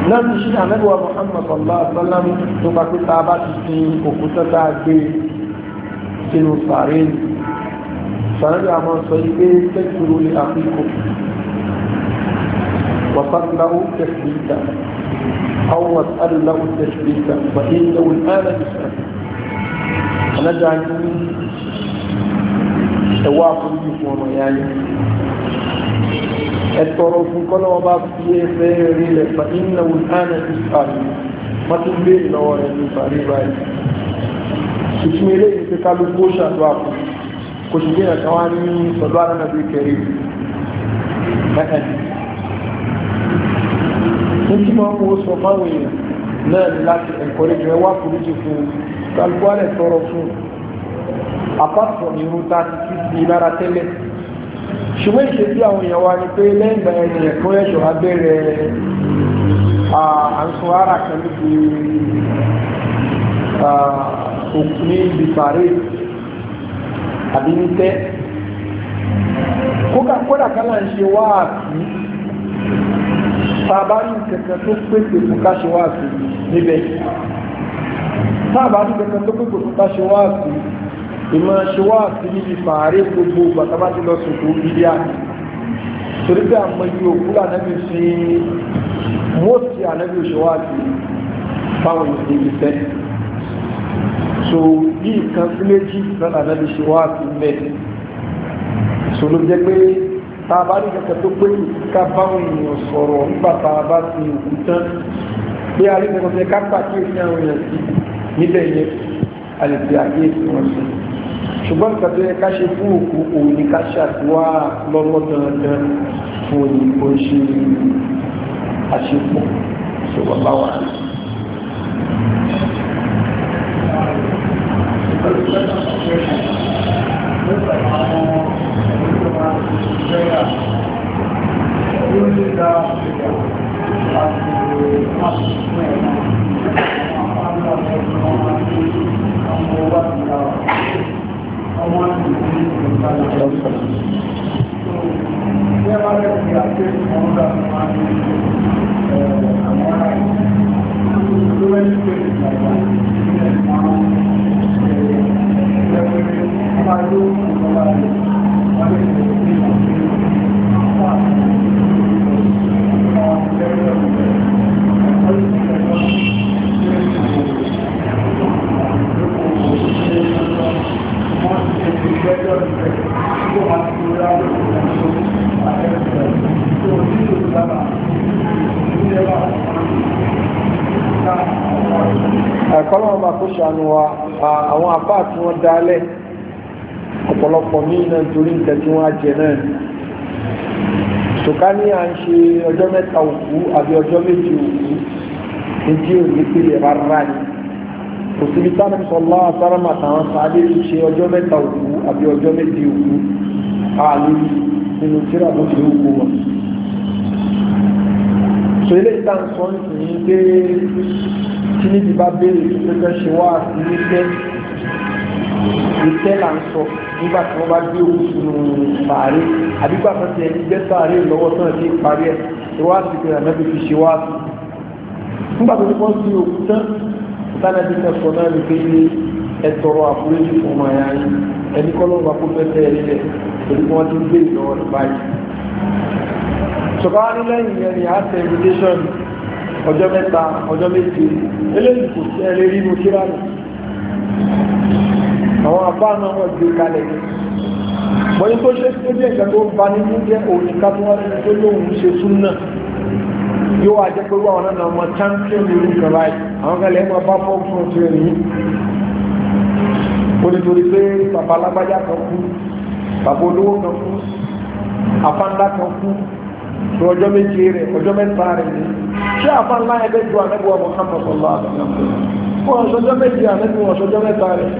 lẹ́nu ṣí àmẹ́gbọ́ Muhammad sallallahu alaihi wasallam tó bá pípa bá ti fi òkúta tá a gbé سن وصارين فرجع منصرفين تكفروا لأخيكم وقد له تشبيكا أو وسأل له التشبيكا فإن لو الآن يسأل نجعلني توافر بكم يعني اتطرفوا كل وباب فيه فيه ريلة فإن لو الآن يسأل ما تنبيه لو أن يسأل ìtumọ̀ eléyìí pé kálukú ó ṣàdúrà fún kò sì gbé ẹ̀ka wá ní sọ̀dọ̀ ara náà bí kẹrì ẹ̀ẹ́ ní tí máa mú sọ fáwọn èèyàn náà ní láti ẹ̀kọ́ rẹ̀ jẹ́ wá kúrújì fún kálukú á lẹ̀ tọrọ fún apáṣọ irun tá a ti kí lára tẹ́lẹ̀ ṣùgbọ́n ìṣe tí àwọn èèyàn wa ni pé lẹ́yìn ìgbà ẹni ẹ̀kọ́ ẹ̀ṣọ́ abẹ́rẹ́ àǹsọ̀ ara kan níbi òkú ní ibi sàárè àbí ní tẹ́ kódà kálá ń ṣe wáàsí tàbá ní kẹ̀kẹ́ tó pèsè fún ká ṣe wáàsí níbẹ̀ tàbá ní kẹ̀kẹ́ tó pèsè fún ká ṣe wáàsí ìmọ̀ ṣe wáàsí níbi sàárè gbogbo bàtàbá ti lọ sòkò ìdí àná torí pé àmọ́ ibi òkú lànàbí fi mọ́ọ̀sì ànàbí òṣèwádìí báwọn ìdílé fẹ́ so bí nǹkan sí méjì lọ́nà náà lè ṣe wá sí mẹ́ so ló jẹ́ pé tá a bá ní kankan tó pé ká báwọn èèyàn sọ̀rọ̀ nígbà tá a bá ti òkú tán pé a rí kankan tó yẹ ká pàkíyèsí àwọn èèyàn sí níbẹ̀ yẹn a lè fi àkíyèsí wọn sí ṣùgbọ́n nǹkan tó yẹ ká ṣe fún òkú òun ni ká ṣàdúrà lọ́wọ́ dandan fún òyìnbó ṣe àṣepọ̀ ṣùgbọ́n báwa rí. Thank you. àfá tí wọ́n dálẹ̀ ọ̀pọ̀lọpọ̀ míì náà torí nǹkan tí wọ́n á jẹ náà ni ṣùkà ní à ń ṣe ọjọ́ mẹ́ta òkú àbí ọjọ́ méjì òkú ní tí ò ní pèlè rárá ni kò tá a sọ lọ́wọ́ àtàràmà táwọn sáré ti ṣe ọjọ́ mẹ́ta òkú àbí ọjọ́ méjì òkú àlè nínú tíra bó ṣe òkú wọn so ilé ìta ń sọ ní pé kí níbi bá béèrè tó fẹ́ ṣe wá sí ní pẹ́ ìtẹ́ là ń sọ nígbà tí wọ́n bá gbé òkú sínú sàárè àbígbà kan ti ẹni gbé sàárè lọ́wọ́ tán ti parí ẹ̀ ìwà àsìkò ànábì fi ṣe wá sí. nígbà tó wọ́n sí òkú tán sànábì kan sọ náà ní pé ẹ tọrọ àforíjì fún ọmọ ẹ̀yà yín ẹni kọ́ lọ́wọ́ kó fẹ́ tẹ́ ẹ lẹ̀ èyí wọ́n ti gbé ìlọ́wọ́ rẹ̀ báyìí. ṣùgbọ́n á ní lẹ́yìn ẹni àtẹ̀ invitation ọjọ́ mẹ́ta ọjọ́ méje eléyìí kò sí ẹ̀rẹ́ rí mo kíra nù àwọn àbáàmà wọn gbé kalẹ̀ wọ́n tó ṣe tó jẹ́ ìgbà tó bá nínú jẹ́ òní ká tó wọ́n tó lóhun ṣe tún náà yóò wá jẹ́ pé wọ́n náà mọ̀ champion ní ìlú kan báyìí àwọn kalẹ̀ mọ̀ bá fọ́ fún ọtí rẹ̀ yìí ó ní torí pé bàbá alágbájá kan kú bàbá olówó kan kú afáńlá kan kú ní ọjọ́ méje rẹ̀ ọjọ́ mẹ́ta rẹ̀ ni ṣé afáńlá ẹgbẹ́ ju anẹ́bùwà Muhammad sallallahu alaihi wasallam fún ọ̀ṣọ́jọ́ méje anẹ́bùwà ọ̀ṣọ́jọ́ mẹ́ta rẹ̀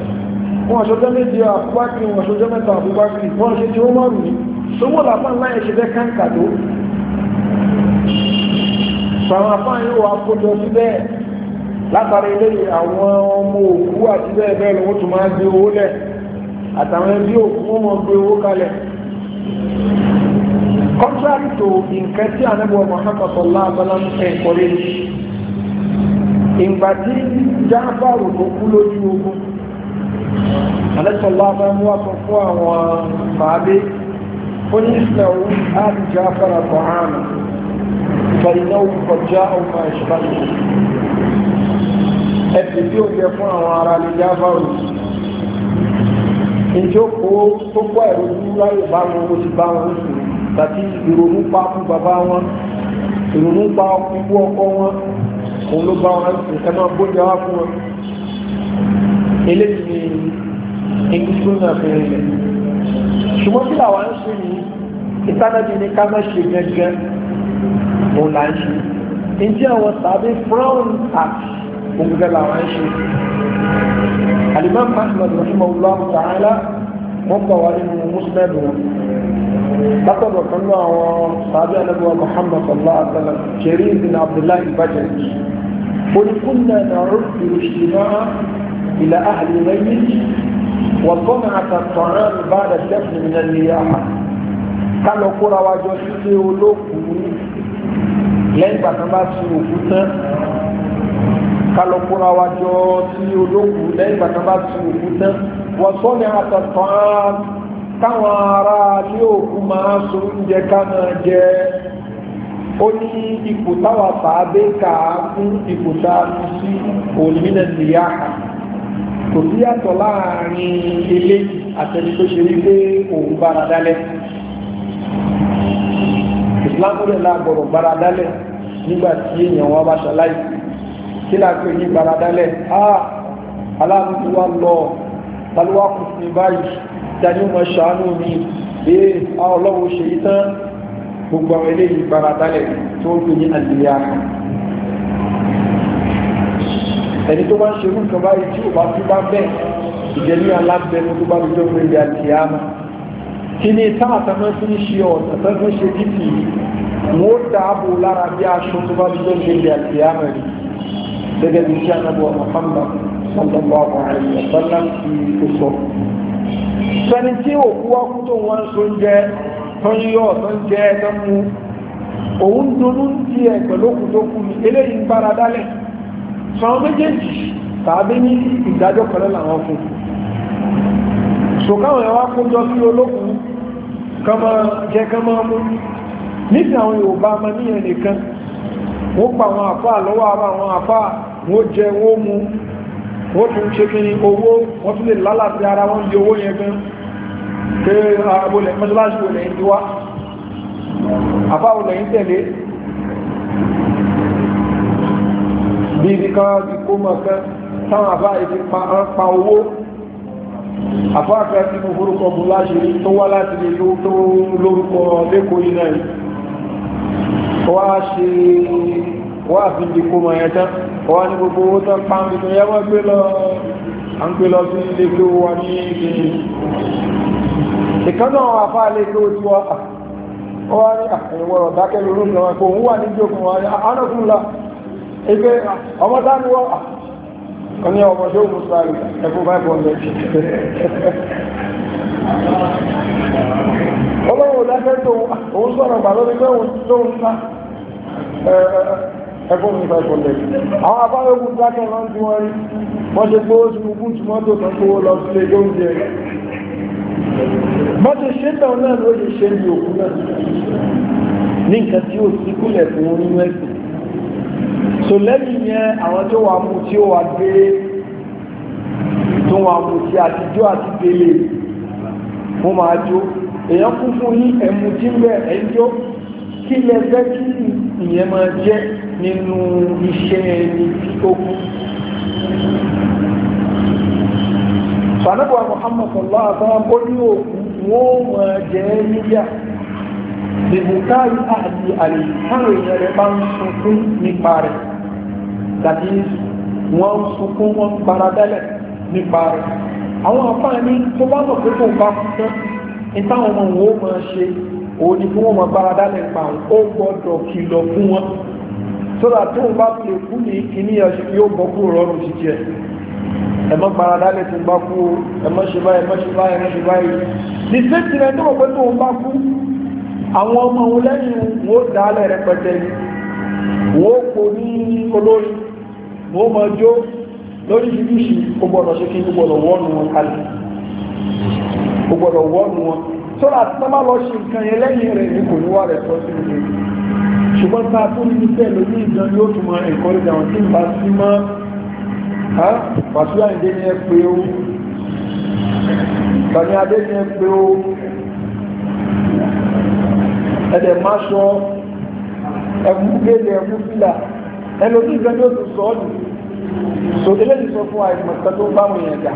wọn àṣọjọ́ méje àbúgbákì wọn àṣọjọ́ mẹ́ta àbúgbákì wọn ṣe tí ó mọ̀ rù ní sówó làbá ńlá yẹn ṣe fẹ́ káńkà tó sàwọn afáàn yóò wá kójọ síbẹ̀ látara eléyìí àwọn ọmọ òkú àti bẹ́ẹ̀ bẹ́ẹ̀ lọ́wọ́ tó máa gbé owó lẹ̀ àtàwọn ẹbí òkú wọn mọ̀ gbé owó kalẹ̀ contrary to nǹkan tí anábọ̀ Muhammad sọlá abalam ẹ̀kọ́rẹ́ ìgbà tí jáfàrò tó kú lójú ogun alẹ́sọ̀lá máa mú àtọ̀ fún àwọn fàábé ó ní ìsìnà òun áàbì já fara kọ̀ hánà ìgbà iná òun kọjá ọmọ ìṣúná yìí ẹ̀sìn tí ó jẹ fún àwọn ará lè já fáwọn ìjókòó tó kọ́ ẹ̀rọ láyé bá ó ti bá wọn sùn tàbí ìrònú pa fún bàbá wọn ìrònú pa ikú ọkọ wọn òun ló bá wọn sùn ẹ èyí tó náà fẹ́rẹ̀ lẹ̀ ṣùgbọ́n kí làwọn ń ṣe ní ìtànàbí ní ká má ṣe gẹ́gẹ́ òun là ń ṣe ìdí àwọn tàbí brown hat òun gẹ́gẹ́ làwọn ń ṣe alimam ahmed rahimahullah ta'ala wọ́n gbà wá nínú muslim wọn látọ̀dọ̀ kan الاجتماع إلى أهل وصنعة الطعام بعد الدفن من النياحة kálọ̀ kóra wa jọ sílé olókùn lẹ́yìn ìgbà tán bá sin òkú tán kálọ̀ kóra wa jọ sílé olókùn lẹ́yìn ìgbà tán bá sin òkú tán wọ́n sọ ní àtàtàn táwọn ará ilé òkú máa so oúnjẹ ká máa jẹ ó ní ipò táwọn àtàbẹ́ka fún ipò tá a fi sí òlìmínà nìyá kan kò sí yàtọ̀ láàrin ilé àtẹni tó ṣe wípé òun bára dálẹ̀ ìsìláàmù rẹ̀ la gbọ́dọ̀ bára dálẹ̀ nígbà tí èèyàn wọn bá ṣaláì kí láàpẹ ní bára dálẹ̀ á ah, aláàmù ti wá lọ balùwà kù sí báyìí dání wọn ṣàánú mi ee eh, ọlọ́wọ́ ṣe yí tán gbogbo àwọn eléyìí bára dálẹ̀ tó ń pè ní àdìyà ẹni tó bá ń ṣerú nǹkan báyìí tí ò bá tún bá bẹ́ẹ̀ ìjẹ́lú alábẹ́nu tó bá fi tó pé ìyá ti á mọ́ kí ni táà tánà fi ń ṣe ọ̀nà tó fi ń ṣe títì wọ́n dáàbò lára bí aṣọ tó bá fi tó pé ìyá ti á mọ́ rí gẹ́gẹ́ bí iṣẹ́ anábọ̀ Muhammad sallallahu alaihi wa sallam ti tó sọ. sẹ́ni tí òkú wá kú tó wọ́n ń so ń jẹ́ tó ń yọ̀ tó ń jẹ́ tó ń mu òun dunú ń tiẹ̀ pẹ̀lú òkú tó kú ni eléyìí ń bára dálẹ̀ sọ̀rọ̀ méjèèjì tàbí ní ìdájọ́ kan náà làwọn fún ṣòkáwọn ẹ̀wà kójọ sí olókùn kan máa jẹ kan máa mú nígbà àwọn Yorùbá máa ní ẹnìkan wọ́n pa àwọn àfáà lọ́wọ́ ara àwọn àfáà wọ́n jẹ wọ́n mú wọ́n tún ṣe kí ni owó wọ́n tún lè lálàbí ara wọn di owó yẹn gan pé àbólẹ̀ ah, mọ́ṣáláṣí olè ń diwá àfáà olè ń tẹ̀lé bí ibi kan ti kó mọ̀ kan táwọn àbá ìfi pa owó àfáàkẹ́ tí mo forúkọ mú láṣìírí tó wá láti lè ló tó lórúkọ lẹ́kọ̀ọ́ iná yìí wá ṣe wá fi ń di kó mọ̀ yẹn tán wá ní gbogbo owó tán pa mi tó yẹ gbé lọ à ń gbé lọ sí ilé gbé wa ní ìgbìyànjú ìkan náà àfáà lè gbé ojú wa wá ní àìwọ̀rọ̀ dákẹ́ lórúkọ wọn kò wà ní jókòó wọn á ẹgbẹ́ ọmọ dáníwọ́ ọ̀ní ọmọ tó mú sáré ẹkùn 500 ọlọ́wọ́ dákẹ́ tó òun sọ̀rọ̀ bà lórí pé òun tó ń sá ẹkùn 500 àwọn abáwẹ́ ogun dákẹ́ lọ́n tí wọ́n rí wọ́n ṣe gbówó sí ogún tí wọ́n tó tán gbówó lọ sí ilé oúnjẹ bọ́n ti ṣe tàn náà ló ṣe ṣe ní òkú náà ní nǹkan tí ó sì kúlẹ̀ fún onínú ẹ̀sìn so lẹ́yìn yẹn àwọn tó wà mú tí ó wà gbé tó wà mú tí àtijọ́ àti gbélé wọ́n máa jó èèyàn kún fún yí ẹ̀mú tí ń bẹ̀ ẹ̀ ń jó kí lẹ fẹ́ kí ìyẹn máa jẹ́ nínú iṣẹ́ ẹni tí ó kú sanabuwa muhammad sallallahu alaihi wasallam ó ní òkú wọ́n máa jẹ́ níyà bìbùkáyì àti àlè táwọn èèyàn bá ń sunkún nípa rẹ̀ tàbí wọ́n sunkún wọ́n paradẹ́lẹ̀ nípa rẹ̀ àwọn àǹfààní tó bá mọ̀ pé kò bá fún tán ní táwọn ọmọ òun ó máa ṣe òun ni fún wọn máa paradẹ́lẹ̀ pa ó gbọ́dọ̀ kìlọ̀ fún wọn sọ́dà tó ń bá fi kú ní kíní ẹ̀ṣin yóò bọ́ kúrò rọrùn sí jẹ́ ẹ̀mọ́ paradálẹ̀ tó ń bá kú ẹ̀mọ́ ṣe báyìí ẹ̀mọ́ ṣe báyìí ẹ̀mọ́ ṣe báyìí ní sẹ́tì rẹ̀ tó pẹ́ tó ń bá kú àwọn ọmọ òun lẹ́yìn wọn ó dálẹ̀ rẹpẹtẹ ni wọn ó kò ní olórin wọ́n mọ jó lórí ìbíṣì ó gbọ́dọ̀ ṣe kí ó gbọ́dọ̀ wọ́nu wọn kalẹ̀ ó gbọ́dọ̀ wọ́nu wọn tó láti tán bá lọ ṣe nǹkan yẹn lẹ́yìn rẹ̀ ní kò ní wà rẹ̀ tọ́ sí ilé ṣùgbọ́n tá a tó ní bẹ́ẹ̀ lórí ìdán yóò tún mọ ẹ̀kọ́ ìdá wọn tí ń bá sí mọ́ pàṣẹ àìdé ni ẹ pé ó tàbí adé ni ẹ pé ẹ̀dẹ̀ máṣọ ẹ̀mú gẹ́lẹ̀ ẹ̀mú fìlà ẹlòmí gan yóò tún sọ ọ́ nù so eléyìí sọ fún àìmọ̀ kan tó bá wọn yẹn dà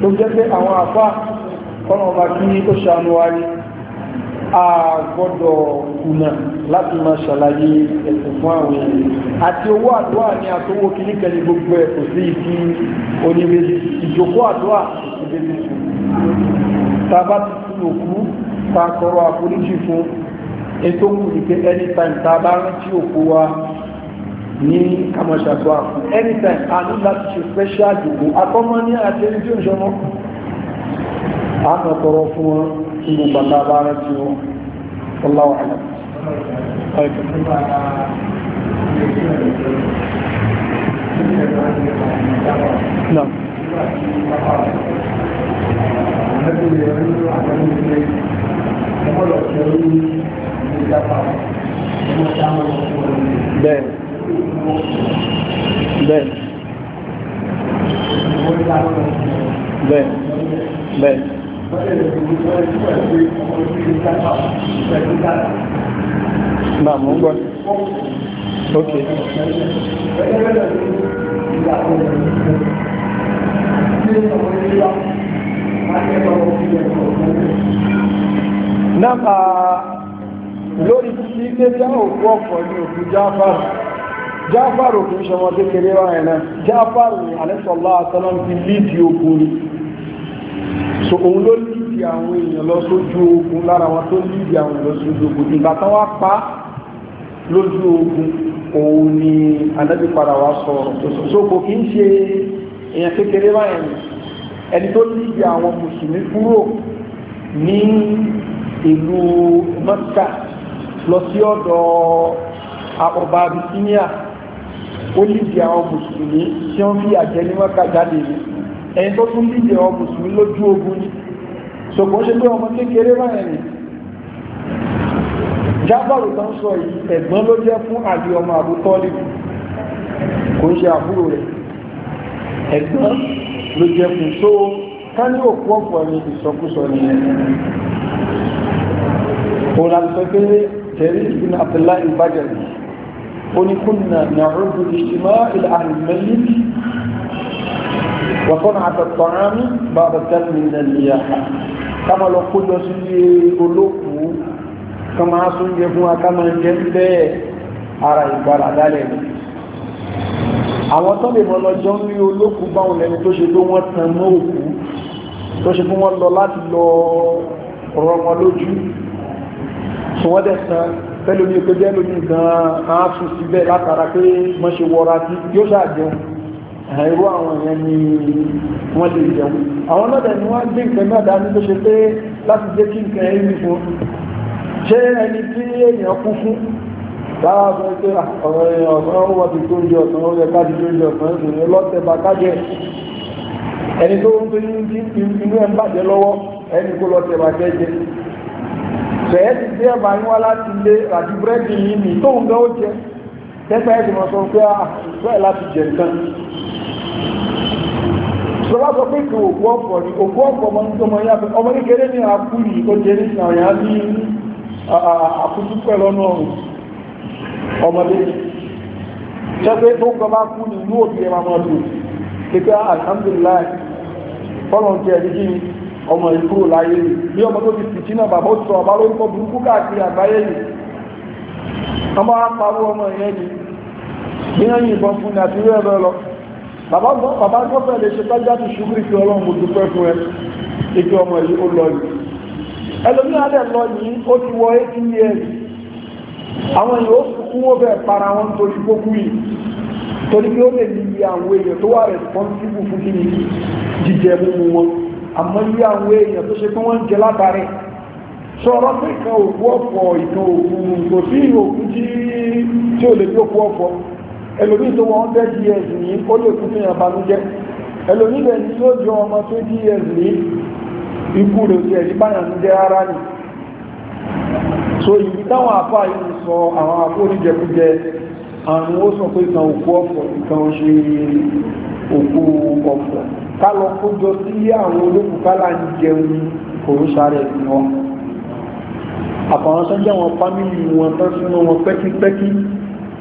tó jẹ́ pé àwọn àfa kọ́nà ọba kí ó ṣàánú wa rí a gbọ́dọ̀ kùnà láti máa ṣàlàyé ẹ̀sìn fún àwọn èèyàn àti owó àdúrà ní àtọwò kìíníkẹ́ ní gbogbo ẹ̀ kò sí ìdí oníbejì ìjókòó àdúrà kò sí bejì fún ta bá ti fi òkú ta kọrọ àforíjì fún ètò kùnìkẹ́ anytime ta bá rántí òkú wa ní kàmọ̀ṣàtọ́ àfún anytime a ní láti ṣe special dìbò akọ́mọ́ ní àtẹ́rí tí ó ń ṣe wọ́n a kàn tọrọ fún wọn tí mo bàtà bá rẹ̀ tí wọ́n ọláwà rẹ̀ Bẹ́ẹ̀ni bẹ́ẹ̀ bẹ́ẹ̀ bẹ́ẹ̀ náà mú gbọ́ ok náà lórí títí tẹ́lẹ̀ òkú ọ̀pọ̀ ní òkú jáfàá jáfàrò kìí ṣe wọn kékeré báyìí náà jáfàrò ní alẹ́sọ̀lá ti líìdì ogun ni so òun ló líìdì àwọn èèyàn lọ sójú ogun lára wọn tó líìdì àwọn èèyàn lọ sójú ogun ìgbà tán wá pa lójú ogun òun ni anábì padà wá sọ̀rọ̀ sọ so kò kìí ṣe èèyàn kékeré báyìí ni ẹni tó líìdì àwọn mùsùlùmí kúrò ní ìlú mọ́tíkà lọ sí ọ̀dọ̀ ọba abisinia ó lídìí àwọn mùsùlùmí tí wọ́n fi àjẹ́ ní wọ́n ká jáde ní ẹni tó tún lídìí àwọn mùsùlùmí lójú ogun ni ṣògbọ́n ṣe pé ọmọ kékeré báyẹn ni jábàrù tán sọ yìí ẹ̀gbọ́n ló jẹ́ fún àbí ọmọ àbútọ́lì kò ń ṣe àbúrò rẹ̀ ẹ̀gbọ́n ló jẹ́ fún tó ká ní òkú ọ̀pọ̀ ní ìsọkúsọ nìyẹn ونكنا نعد اجتماع الأهل الميت وصنعة الطعام بعد الدم من النياحة كما لو كل olókùú ká máa súnjẹ fún wa ká máa jẹ bẹ́ẹ̀ ara ìgbàlá dálẹ̀ ni àwọn tó lè mọ́ lọ́jọ́ ń rí olókùú báwọn lẹ́nu tó ṣe tó wọ́n tan mọ́ òkú tó ṣe fún wọn lọ láti lọ rọmọ lójú tí wọ́n dẹ̀ san pẹ̀lú ní pé jẹ́ lómi gan-an á sùn síbẹ̀ látara pé wọ́n ṣe wọra tí yóò ṣàjẹun irú àwọn yẹn ni wọ́n lè jẹun àwọn lọ́dẹ̀ ni wọ́n gbé nǹkan náà dání tó ṣe pé láti jẹ́ kí nǹkan ẹ̀rí fún ṣé ẹni tí èèyàn kú fún lára sọ pé ọ̀rọ̀ èèyàn ọ̀sán ó wọ́n ti tó ń jẹ ọ̀sán ó yẹ káàdì tó ń jẹ ọ̀sán ìṣòro lọ́tẹ̀ bá kájẹ ẹni tó ń tó ń dín inú ẹ̀ ń bàjẹ́ lọ́wọ́ ẹni kó lọ́tẹ̀ bàjẹ́ jẹ bẹ́ẹ̀ ti dé ẹ̀bà yín wá láti lé ràdí búrẹ́dì yìí ní tóun gan ó jẹ tẹ́gbà ẹ̀sìn wọn sọ pé bẹ́ẹ̀ ah, láti jẹ nǹkan sọlá sọ pé kò òkú ọ̀pọ̀ ni òkú ọ̀pọ̀ ọmọ nítorí ọmọ yàtọ̀ ọmọ kékeré ní àkúrì tó jẹ ní ìsìn àwọn yàtí àkútú pẹ̀lú ọ̀nà ọmọdé tẹ́gbẹ́ tó bá kú ní inú òbí ẹ̀ máa mọ̀ ah, jẹ́ ọmọ yìí kúrò láyé yìí bí ọmọ tó ti fìtí náà bàbá ó sọ ọba lórúkọ burúkú káàkiri àgbáyé yìí ọmọ apáró ọmọ yẹn ni bí wọ́n yìnbọn fún ní àti rẹ́ẹ̀rọ lọ bàbá gbọ́fẹ́ lè ṣe tájá ti ṣúgbìrì kí ọlọ́run mo dúpẹ́ fún ẹ ikú ọmọ yìí ó lọ yìí ẹlòmí adẹ lọ yìí ó ti wọ eighty years àwọn èèyàn ó kún ó bẹ̀ para wọn torí gbókú yìí torí pé ó lè ní iye àwọn èèyàn tó wà responsible fún kí ni jíjẹ mímu wọn àmọ́ ilé àwọn èèyàn tó ṣe pé wọ́n ń jẹ látàrí sọ̀rọ̀ pé kan òkú ọ̀fọ̀ ìkan òkun kò sí òkú tí ó lè tó kú ọ̀fọ̀ ẹlòmíì tó wọ́n bẹ́ ds ní ó lè kú fún ìyàbánújẹ́ ẹlòmíì bẹ̀ ní ó jọ ọmọ tó ds ní ikú rẹ̀ ti ẹ̀rí báyànújẹ́ ara ni so ìbí táwọn àfáà yìí sọ àwọn àkóríjẹkújẹ àrùn ó sọ pé ìkan òkú ọ̀fọ̀ ìkan ṣe òkú ọ̀fọ̀ ká lọ kójọ sílé àwọn olókùn kálá ń jẹun òun sáré ẹ̀sìn wọn àtàwọn sọ́jọ́ wọn fámìlì wọn tán sínú wọn pẹ́kípẹ́kí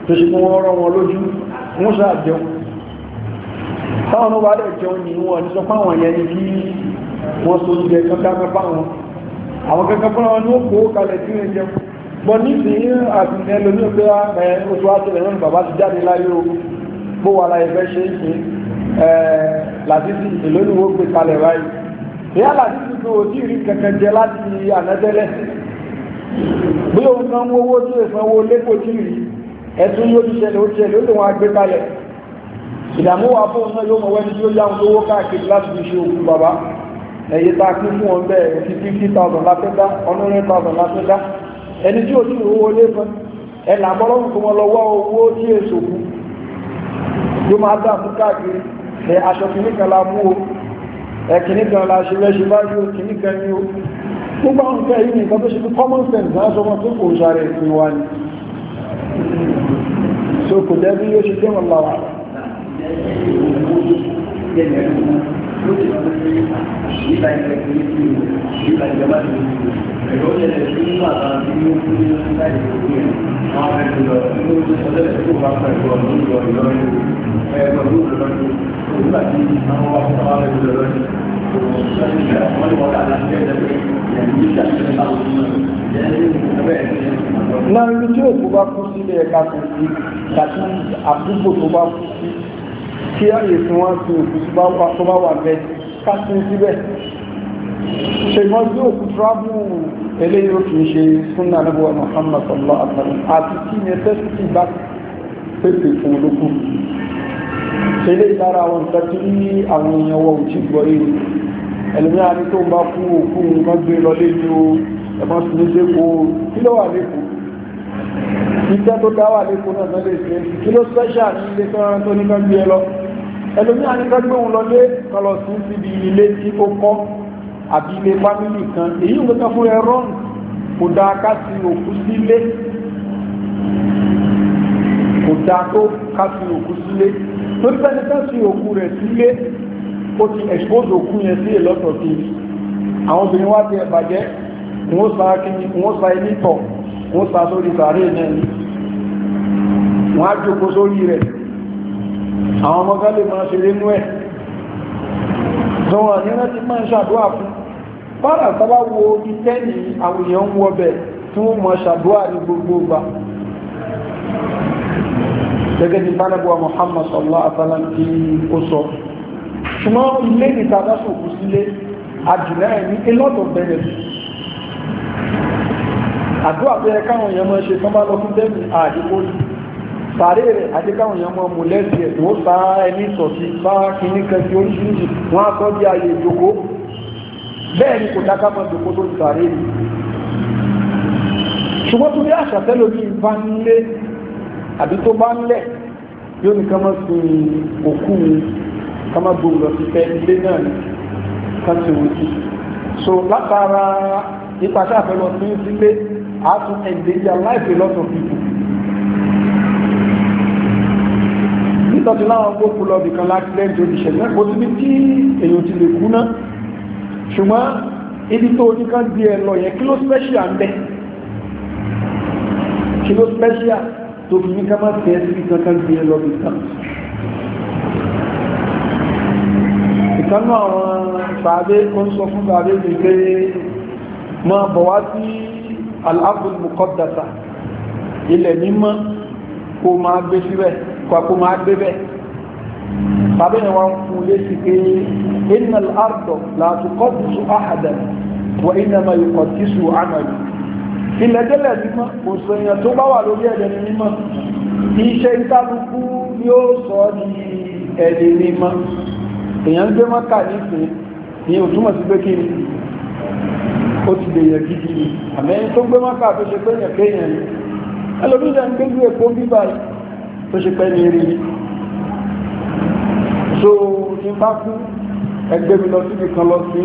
tó ṣe kí wọ́n rọ́ wọn lójú wọ́n ṣáà jẹun táwọn ọmọ bá dẹ̀ jẹun ní wọn ní sọ pé àwọn ẹ̀yẹ ni kí wọ́n so jẹ kankan bá wọn àwọn kankan fúnra wọn ni ó kó kalẹ̀ tí wọ́n jẹun gbọ́ nísìnyí àtìlẹ́lómi pé ah, oṣù àtìlẹ́lómi làdísì èlò ni wọ́n gbé kalẹ̀ báyìí ìyá làdísì tó o ti rí kankan jẹ láti ànádẹ́lẹ̀ bí o san owó tí o san owó lẹ́kọ̀ọ́ tí rí ẹ̀sùn yóò ti ṣẹlẹ̀ ó ṣẹlẹ̀ ó lè wọn agbé kalẹ̀ ìdààmú wa fún ọ̀nà yóò mọ̀ wẹ́ni tí ó lówó káàkiri láti fi ṣe bàbá ẹ̀yẹ tá a pín fún ọ̀n bẹ́ẹ̀ fi fifty thousand o ti rí owó lé fún ẹ̀ yóò máa dá fún káàkiri ẹ aṣọ kìíní kan la mú o ẹ kìíní kan la ṣe lẹ́ṣe báyìí o kìíní kan ni o gbogbo àwọn nǹkan yìí nìkan tó ṣe fi common sense náà sọ wọn tó kò sáré ìpín wa ni so kò jẹ́ bí yóò ṣe jẹ́ wọn lára. Láàrin tí òkú bá kú sílé ẹ̀ka kò sí, tàbí àdúgbò tó bá kú sí, kí àyè tí wọ́n fi òkú tó bá wà bẹ́ kásìn síbẹ̀ ṣègbọ́n tí òkú tíráàbù eléyìí ó kìí ṣe súnà níbọ̀ Muhammad sallallahu alaihi wasallam àti kí necessity bá pèpè fún olókùn ṣẹlẹ̀ ìtara àwọn nǹkan tí àwọn èèyàn wọ òjì gbọ́ yìí ẹlòmí àní tó ń bá kú òkú wọn lọ léde o ẹ̀mọ́ sì ní sẹ́kọ̀ kí ló wà lẹ́kọ̀ọ́ iṣẹ́ tó dá wà lẹ́kọ̀ọ́ náà lè ṣe kí ló special ní ilé tó rán tó ní lọ ẹlòmí àníkà gbóhùn lọlé kọlọ sí síbi ilé tí ó kọ́ àbí ilé fámìlì kan èyí ò tọ́ fún ẹ̀rọ kò dáa ká sí òkú sílé kò dáa tó ká sí òkú sílé torí pẹ́ni ká sí òkú rẹ̀ sílé ó ti expose òkú yẹn sí ìlọ́tọ̀ sí àwọn obìnrin wá ti ẹ̀bàjẹ́ wọ́n sa kíni wọ́n sa ilé tọ̀ wọ́n sa sórí sàárè náà ni wọ́n á jókòó sórí rẹ̀ àwọn ọmọ gálè máa ṣe lé nú ẹ̀ tọ́wọ́n ní láti máa ṣàdúrà fún bára sábà wo iṣẹ́ ní àwọn èèyàn ń wọbẹ̀ tí wọ́n mọ̀ ṣàdúrà ní gbogbo ọgbà gẹ́gẹ́ bí bánàbọ̀ Muhammad sallallahu alaihi wasallam tí ó sọ ṣùgbọ́n ilé ní tàbá ṣòkú sílé àjùlá ẹ̀ lot of benefits àdúrà bẹ́ẹ̀ káwọn èèyàn máa ṣe tán bá lọ fún bẹ́ẹ̀ sàárè rẹ̀ àti káwọn èèyàn mọ́ mú lẹ́sì ẹ̀ wọ́n bá ẹni sọ̀tí bá kìíní kan tí oríṣiríṣi wọ́n á kọ́ bí ààyè bẹ́ẹ̀ ni kò dáká mọ́ ìjòkó tó ti sàárè rẹ̀ ṣùgbọ́n tó bí àṣà tẹ́lómi bá ń lé àbí tó bá ń lẹ̀ yóò ní ká má òkú ká má gbòòrò lọ sí fẹ́ ilé náà ni ká sì wọ́n sí so látara ipa tá a fẹ́ lọ sí sílé a tún ẹ̀ǹdẹ̀jà láìpẹ́ lọ́sọ̀ fífò tọ́jú láwọn gbókù lọ bìkan láti lẹ́jọ́ ìṣẹ̀lẹ̀ kò sí bí tí èyàn ti lè kú náà ṣùgbọ́n ibi tó oníkan di ẹ lọ yẹn kí ló spẹ́ṣíà ń bẹ́ kí ló spẹ́ṣíà tó fi ní ká má tẹ́ sí kankan di ẹ bìkan ìkanú àwọn sàábé ó ń sọ fún sàábé mi pé máa bọ̀ wá sí al-abdul muqaddasa ilẹ̀ mímọ́ kó máa gbé síbẹ̀ kọ́kọ́ máa gbé bẹ́ẹ̀ tàbí ni wọ́n fún létí pé iná àrùtọ̀ láti kọ́tùsù àhàdà wọ iná máa yọ kọ́tùsù àmàlù ilẹ̀ délẹ̀ mímọ́ kò sọ èèyàn tó bá wà lórí ẹ̀dẹ̀ ní mímọ́ iṣẹ́ ìtàlùkù yóò sọ di ẹ̀dẹ̀ mímọ́ èèyàn gbé mọ́kà nífẹ̀ẹ́ ní òtúmọ̀ sí pé kí ni ó ti lè yẹ gidi ni àmẹ́yìn tó gbé mọ́kà tó ṣe pé yẹn kéèyàn ni ẹlòmíjà ń gbé ju èkó bíbá yìí tó ṣe pẹ́ ní rí so ní bá kú ẹgbẹ́ mi lọ síbi kan lọ sí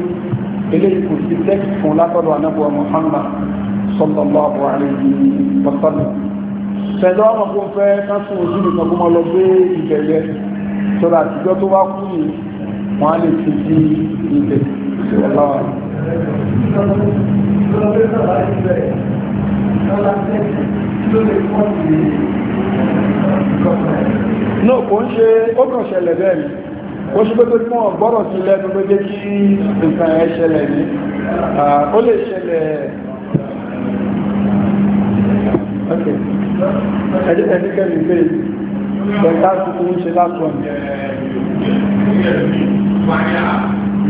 eléyìí kò sí tẹ́kì fún látọ̀dọ̀ anábọ̀ Muhammad sallallahu alayhi wa sallam sẹ̀dọ̀ ọmọ kó fẹ́ kásùn ojú nìkan kó mọ lọ gbé ìbẹ̀yẹ sọ̀rọ̀ àtijọ́ tó bá kú yìí wọ́n á lè fi sí ibẹ̀ ọlọ́run náà kò ń ṣe ó kàn ṣẹlẹ̀ bẹ́ẹ̀ ni ó ṣe pé tó tí wọ́n gbọ́rọ̀ sí lẹ́nu pé jẹ́ kí nǹkan ẹ̀ ṣẹlẹ̀ ní ó lè ṣẹlẹ̀ ẹ̀jẹ̀ ẹ̀díkẹ́ni pé ẹ̀ká tuntun ń ṣe látọ̀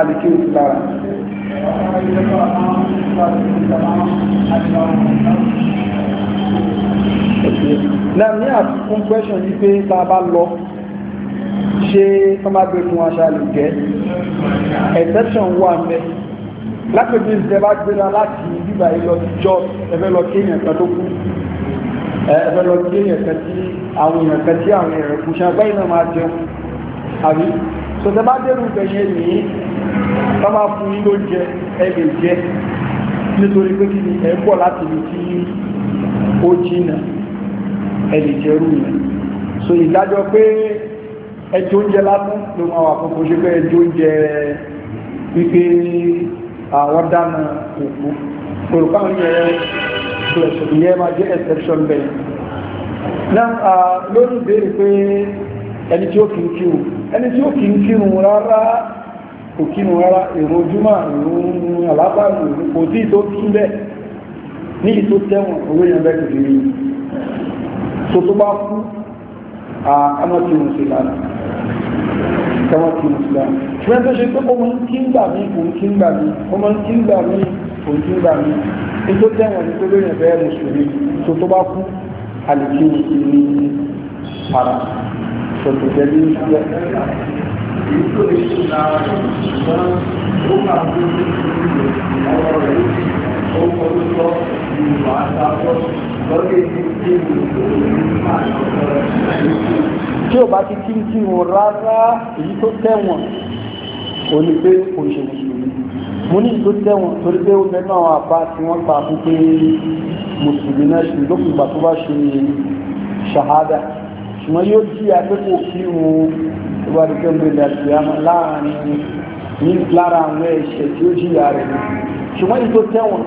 a lára. náà ní àfikún question yìí pé tá a bá lọ ṣé tọ́mágbé fún aṣá lè jẹ́ exception wà mẹ́ lápẹ̀jù ìṣẹ́ bá gbéra láti bíbá yìí lọ sí jọ́ ẹ̀fẹ́ lọ kéèyàn kan tó kú ẹ̀fẹ́ lọ kéèyàn kan tí àwọn èèyàn kan tí àwọn èèyàn kú ṣe agbẹ́yìn náà máa jẹun àbí sọ̀tẹ́ bá dẹ́rù gbẹ̀yẹ nìyí kama fún yín ló jẹ ẹ lè jẹ nítorí pé kí ni ẹ bọ̀ láti ibi tí ó jìnà ẹ lè jẹrú yẹn so ìdájọ́ pé ẹjọ́ oúnjẹ lásán ló máa wà fún oṣù pé ẹjọ́ oúnjẹ wípé àwọn dáná òkú olùkọ́ yẹn tó ẹ̀sùn ìyẹn máa jẹ́ exception bẹ́ẹ̀ náà lórí ìbéèrè pé ẹni tí ó kì í kírun ẹni tí ó kì í kírun rárá kò kínú rárá èrò ojúmọ́ ìrún alábàrù kò tí tó tún bẹ́ ní ìtò tẹ́wọ̀n owó yẹn bẹ́ kìí rí tó tó bá kú àmọ́kìrún sí lánàá kẹwàkìrún sí lánàá ṣùgbọ́n tó ṣe pé ó mọ́ kí ń gbà mí kò ń kí ń gbà mí ó mọ́ kí ń gbà mí kò ń kí ń gbà mí ní tó tẹ́wọ̀n ní pẹ́lú yẹn mùsùlùmí tó tó bá kú àlèkí ní ara ṣòtò jẹ́ bí èyí tó lè ṣe ta ṣùgbọ́n ó kà ń tó ní ìlú ọ̀rọ̀ rẹ̀ ó kọ́ ló sọ ìlú àtàkọ́ lọ́gẹ̀ ní kí ìlú máa tí ó bá ti kí ń kírun rárá èyí tó tẹ̀wọ̀n ò ní pé kò ṣe mùsùlùmí mo ní ìlú tẹ̀wọ̀n torí pé ó mẹ́nu àwọn àbá tí wọ́n pa fún pé mùsùlùmí náà ṣe lókùn ìgbà tó bá ṣe ṣàhádà ṣùgbọ́n yóò jí àpépò kírun bá di pé lórí àtìyámọ́ láàrin ní lára àwọn ẹ̀ṣẹ̀ tí ó jìyà rẹ̀ ni ṣùgbọ́n yìí tó tẹ̀wọ̀n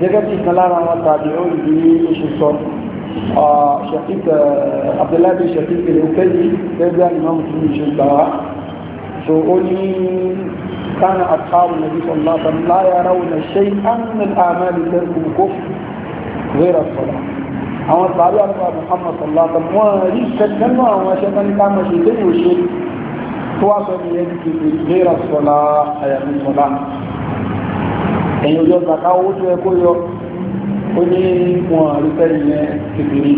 gẹ́gẹ́ bí ìkan lára àwọn tàbí ó rí oṣù sọ ṣàfíìk abdullahi bin ṣàfíìk lè fẹ́ yìí gẹ́gẹ́ bí àlùmọ́ mùsùlùmí ṣe gbà wá so ó ní كان أصحاب النبي صلى الله عليه وسلم لا يرون شيئا من الأعمال ترك الكفر غير الصلاة àwọn sàárẹ̀ àgbà Muhammad sallallahu alaihi wa sallam wọ́n rí kẹ́kẹ́ náà wọ́n ṣe tán ká mọ̀ ṣe lé ìwòṣe tó wá sọ nìyẹn ti tètè léèrà sọlá àyàfi sọlá ẹ̀yin ojú ọ̀sán ká owó tó yẹ kó yọ ó ní wọn àrífẹ́ yẹn tètè rí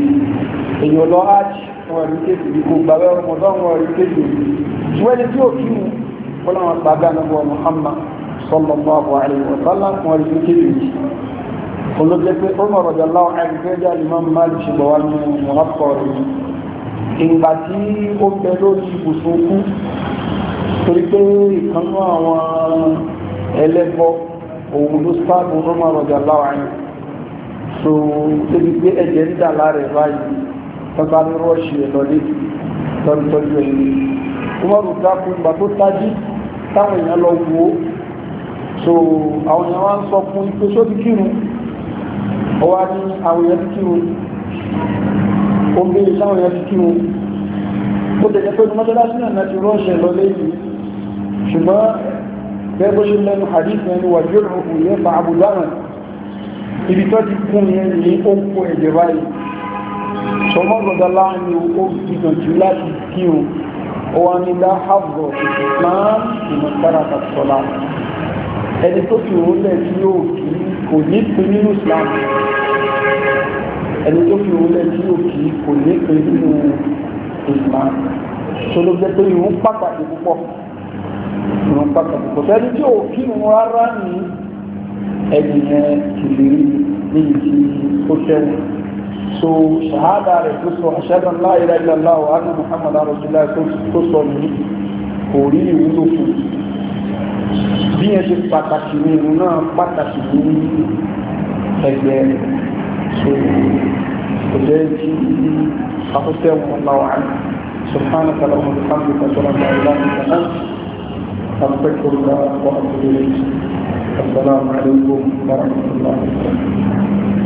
ẹ̀yin ọlọ́ ájì wọn àrí tètè rí kó gbàgbé ọmọdé wọn àrí tètè rí ṣùgbọ́n ẹni tí ò kí wọn kó láwọn gbàgbé ànábọ̀ Muhammad sallallahu alaihi wa sallam wọn àrí tètè rí olùjẹ́ pé ó mọ̀rọ̀ jà láwọn àrífẹ́ jà ìmọ̀ mọ́lì ṣùgbọ́n wọn ni wọn kọ̀ ọ́ ìgbà tí ó bẹ lórí ibùsùn kú torí pé ìkanú àwọn ẹlẹ́bọ òun ló sáàbù rọ́mà rọ̀jà láwáyé so débi pé ẹ̀jẹ̀ ń dà lára ẹ̀ báyìí tọ́ta ní rọ́ọ̀ṣì ẹ̀ lọ́lé tọ́jútọ́jú ẹ̀ ó mọ̀ rúdá kú ìgbà tó tají táwọn èèyàn lọ wò ó so àwọn èèyàn wá ń sọ fún ipe sódì kírun ní àwọn èèyàn kírun ó ń béèrè táwọn e èèyàn ti kí wọn ó tẹ̀lé pé ní mọ́tọ́lásí náà ti rọ́ọ̀ṣẹ̀ lọ lẹ́yìn ṣùgbọ́n bẹ́ẹ̀ bó ṣe lẹ́nu hadith ẹni wà yóò rọ̀ kù yẹn fa àbùdáhàn ibi tó ti kún yẹn ní ó ń kó ẹ̀jẹ̀ báyìí sọmọ́ gbọ́dọ̀ láàrin ó gbìyànjú láti kí wọn ó wá ní láhàbọ̀ máa ìmọ̀sára kàtọ́lá ẹni tó fi òun ẹni tó fi òun lẹ́yìn tí ó kì í kò ní pé nínú ìgbà tó ló jẹ́ pé ìrún pàtàkì púpọ̀ ìrún pàtàkì púpọ̀ sẹ́ni tí ò kí ìrún rárá ní ẹni yẹn kìlìrì ní ìdí ó tẹ̀wọ̀n so ṣahada rẹ̀ tó sọ ashhadu an la ilaha illallah wa anna muhammadan rasulullah tó sọ ní kò rí ìwúlò fún bí yẹn ṣe pàtàkì ní ìrún náà pàtàkì ní ẹgbẹ́ rẹ̀ so kò jẹ́ kí afẹ́fẹ́ wọn láwọn àná سبحانك اللهم وبحمدك اشهد ان لا اله الا انت استغفرك واتوب اليك السلام عليكم ورحمه الله وبركاته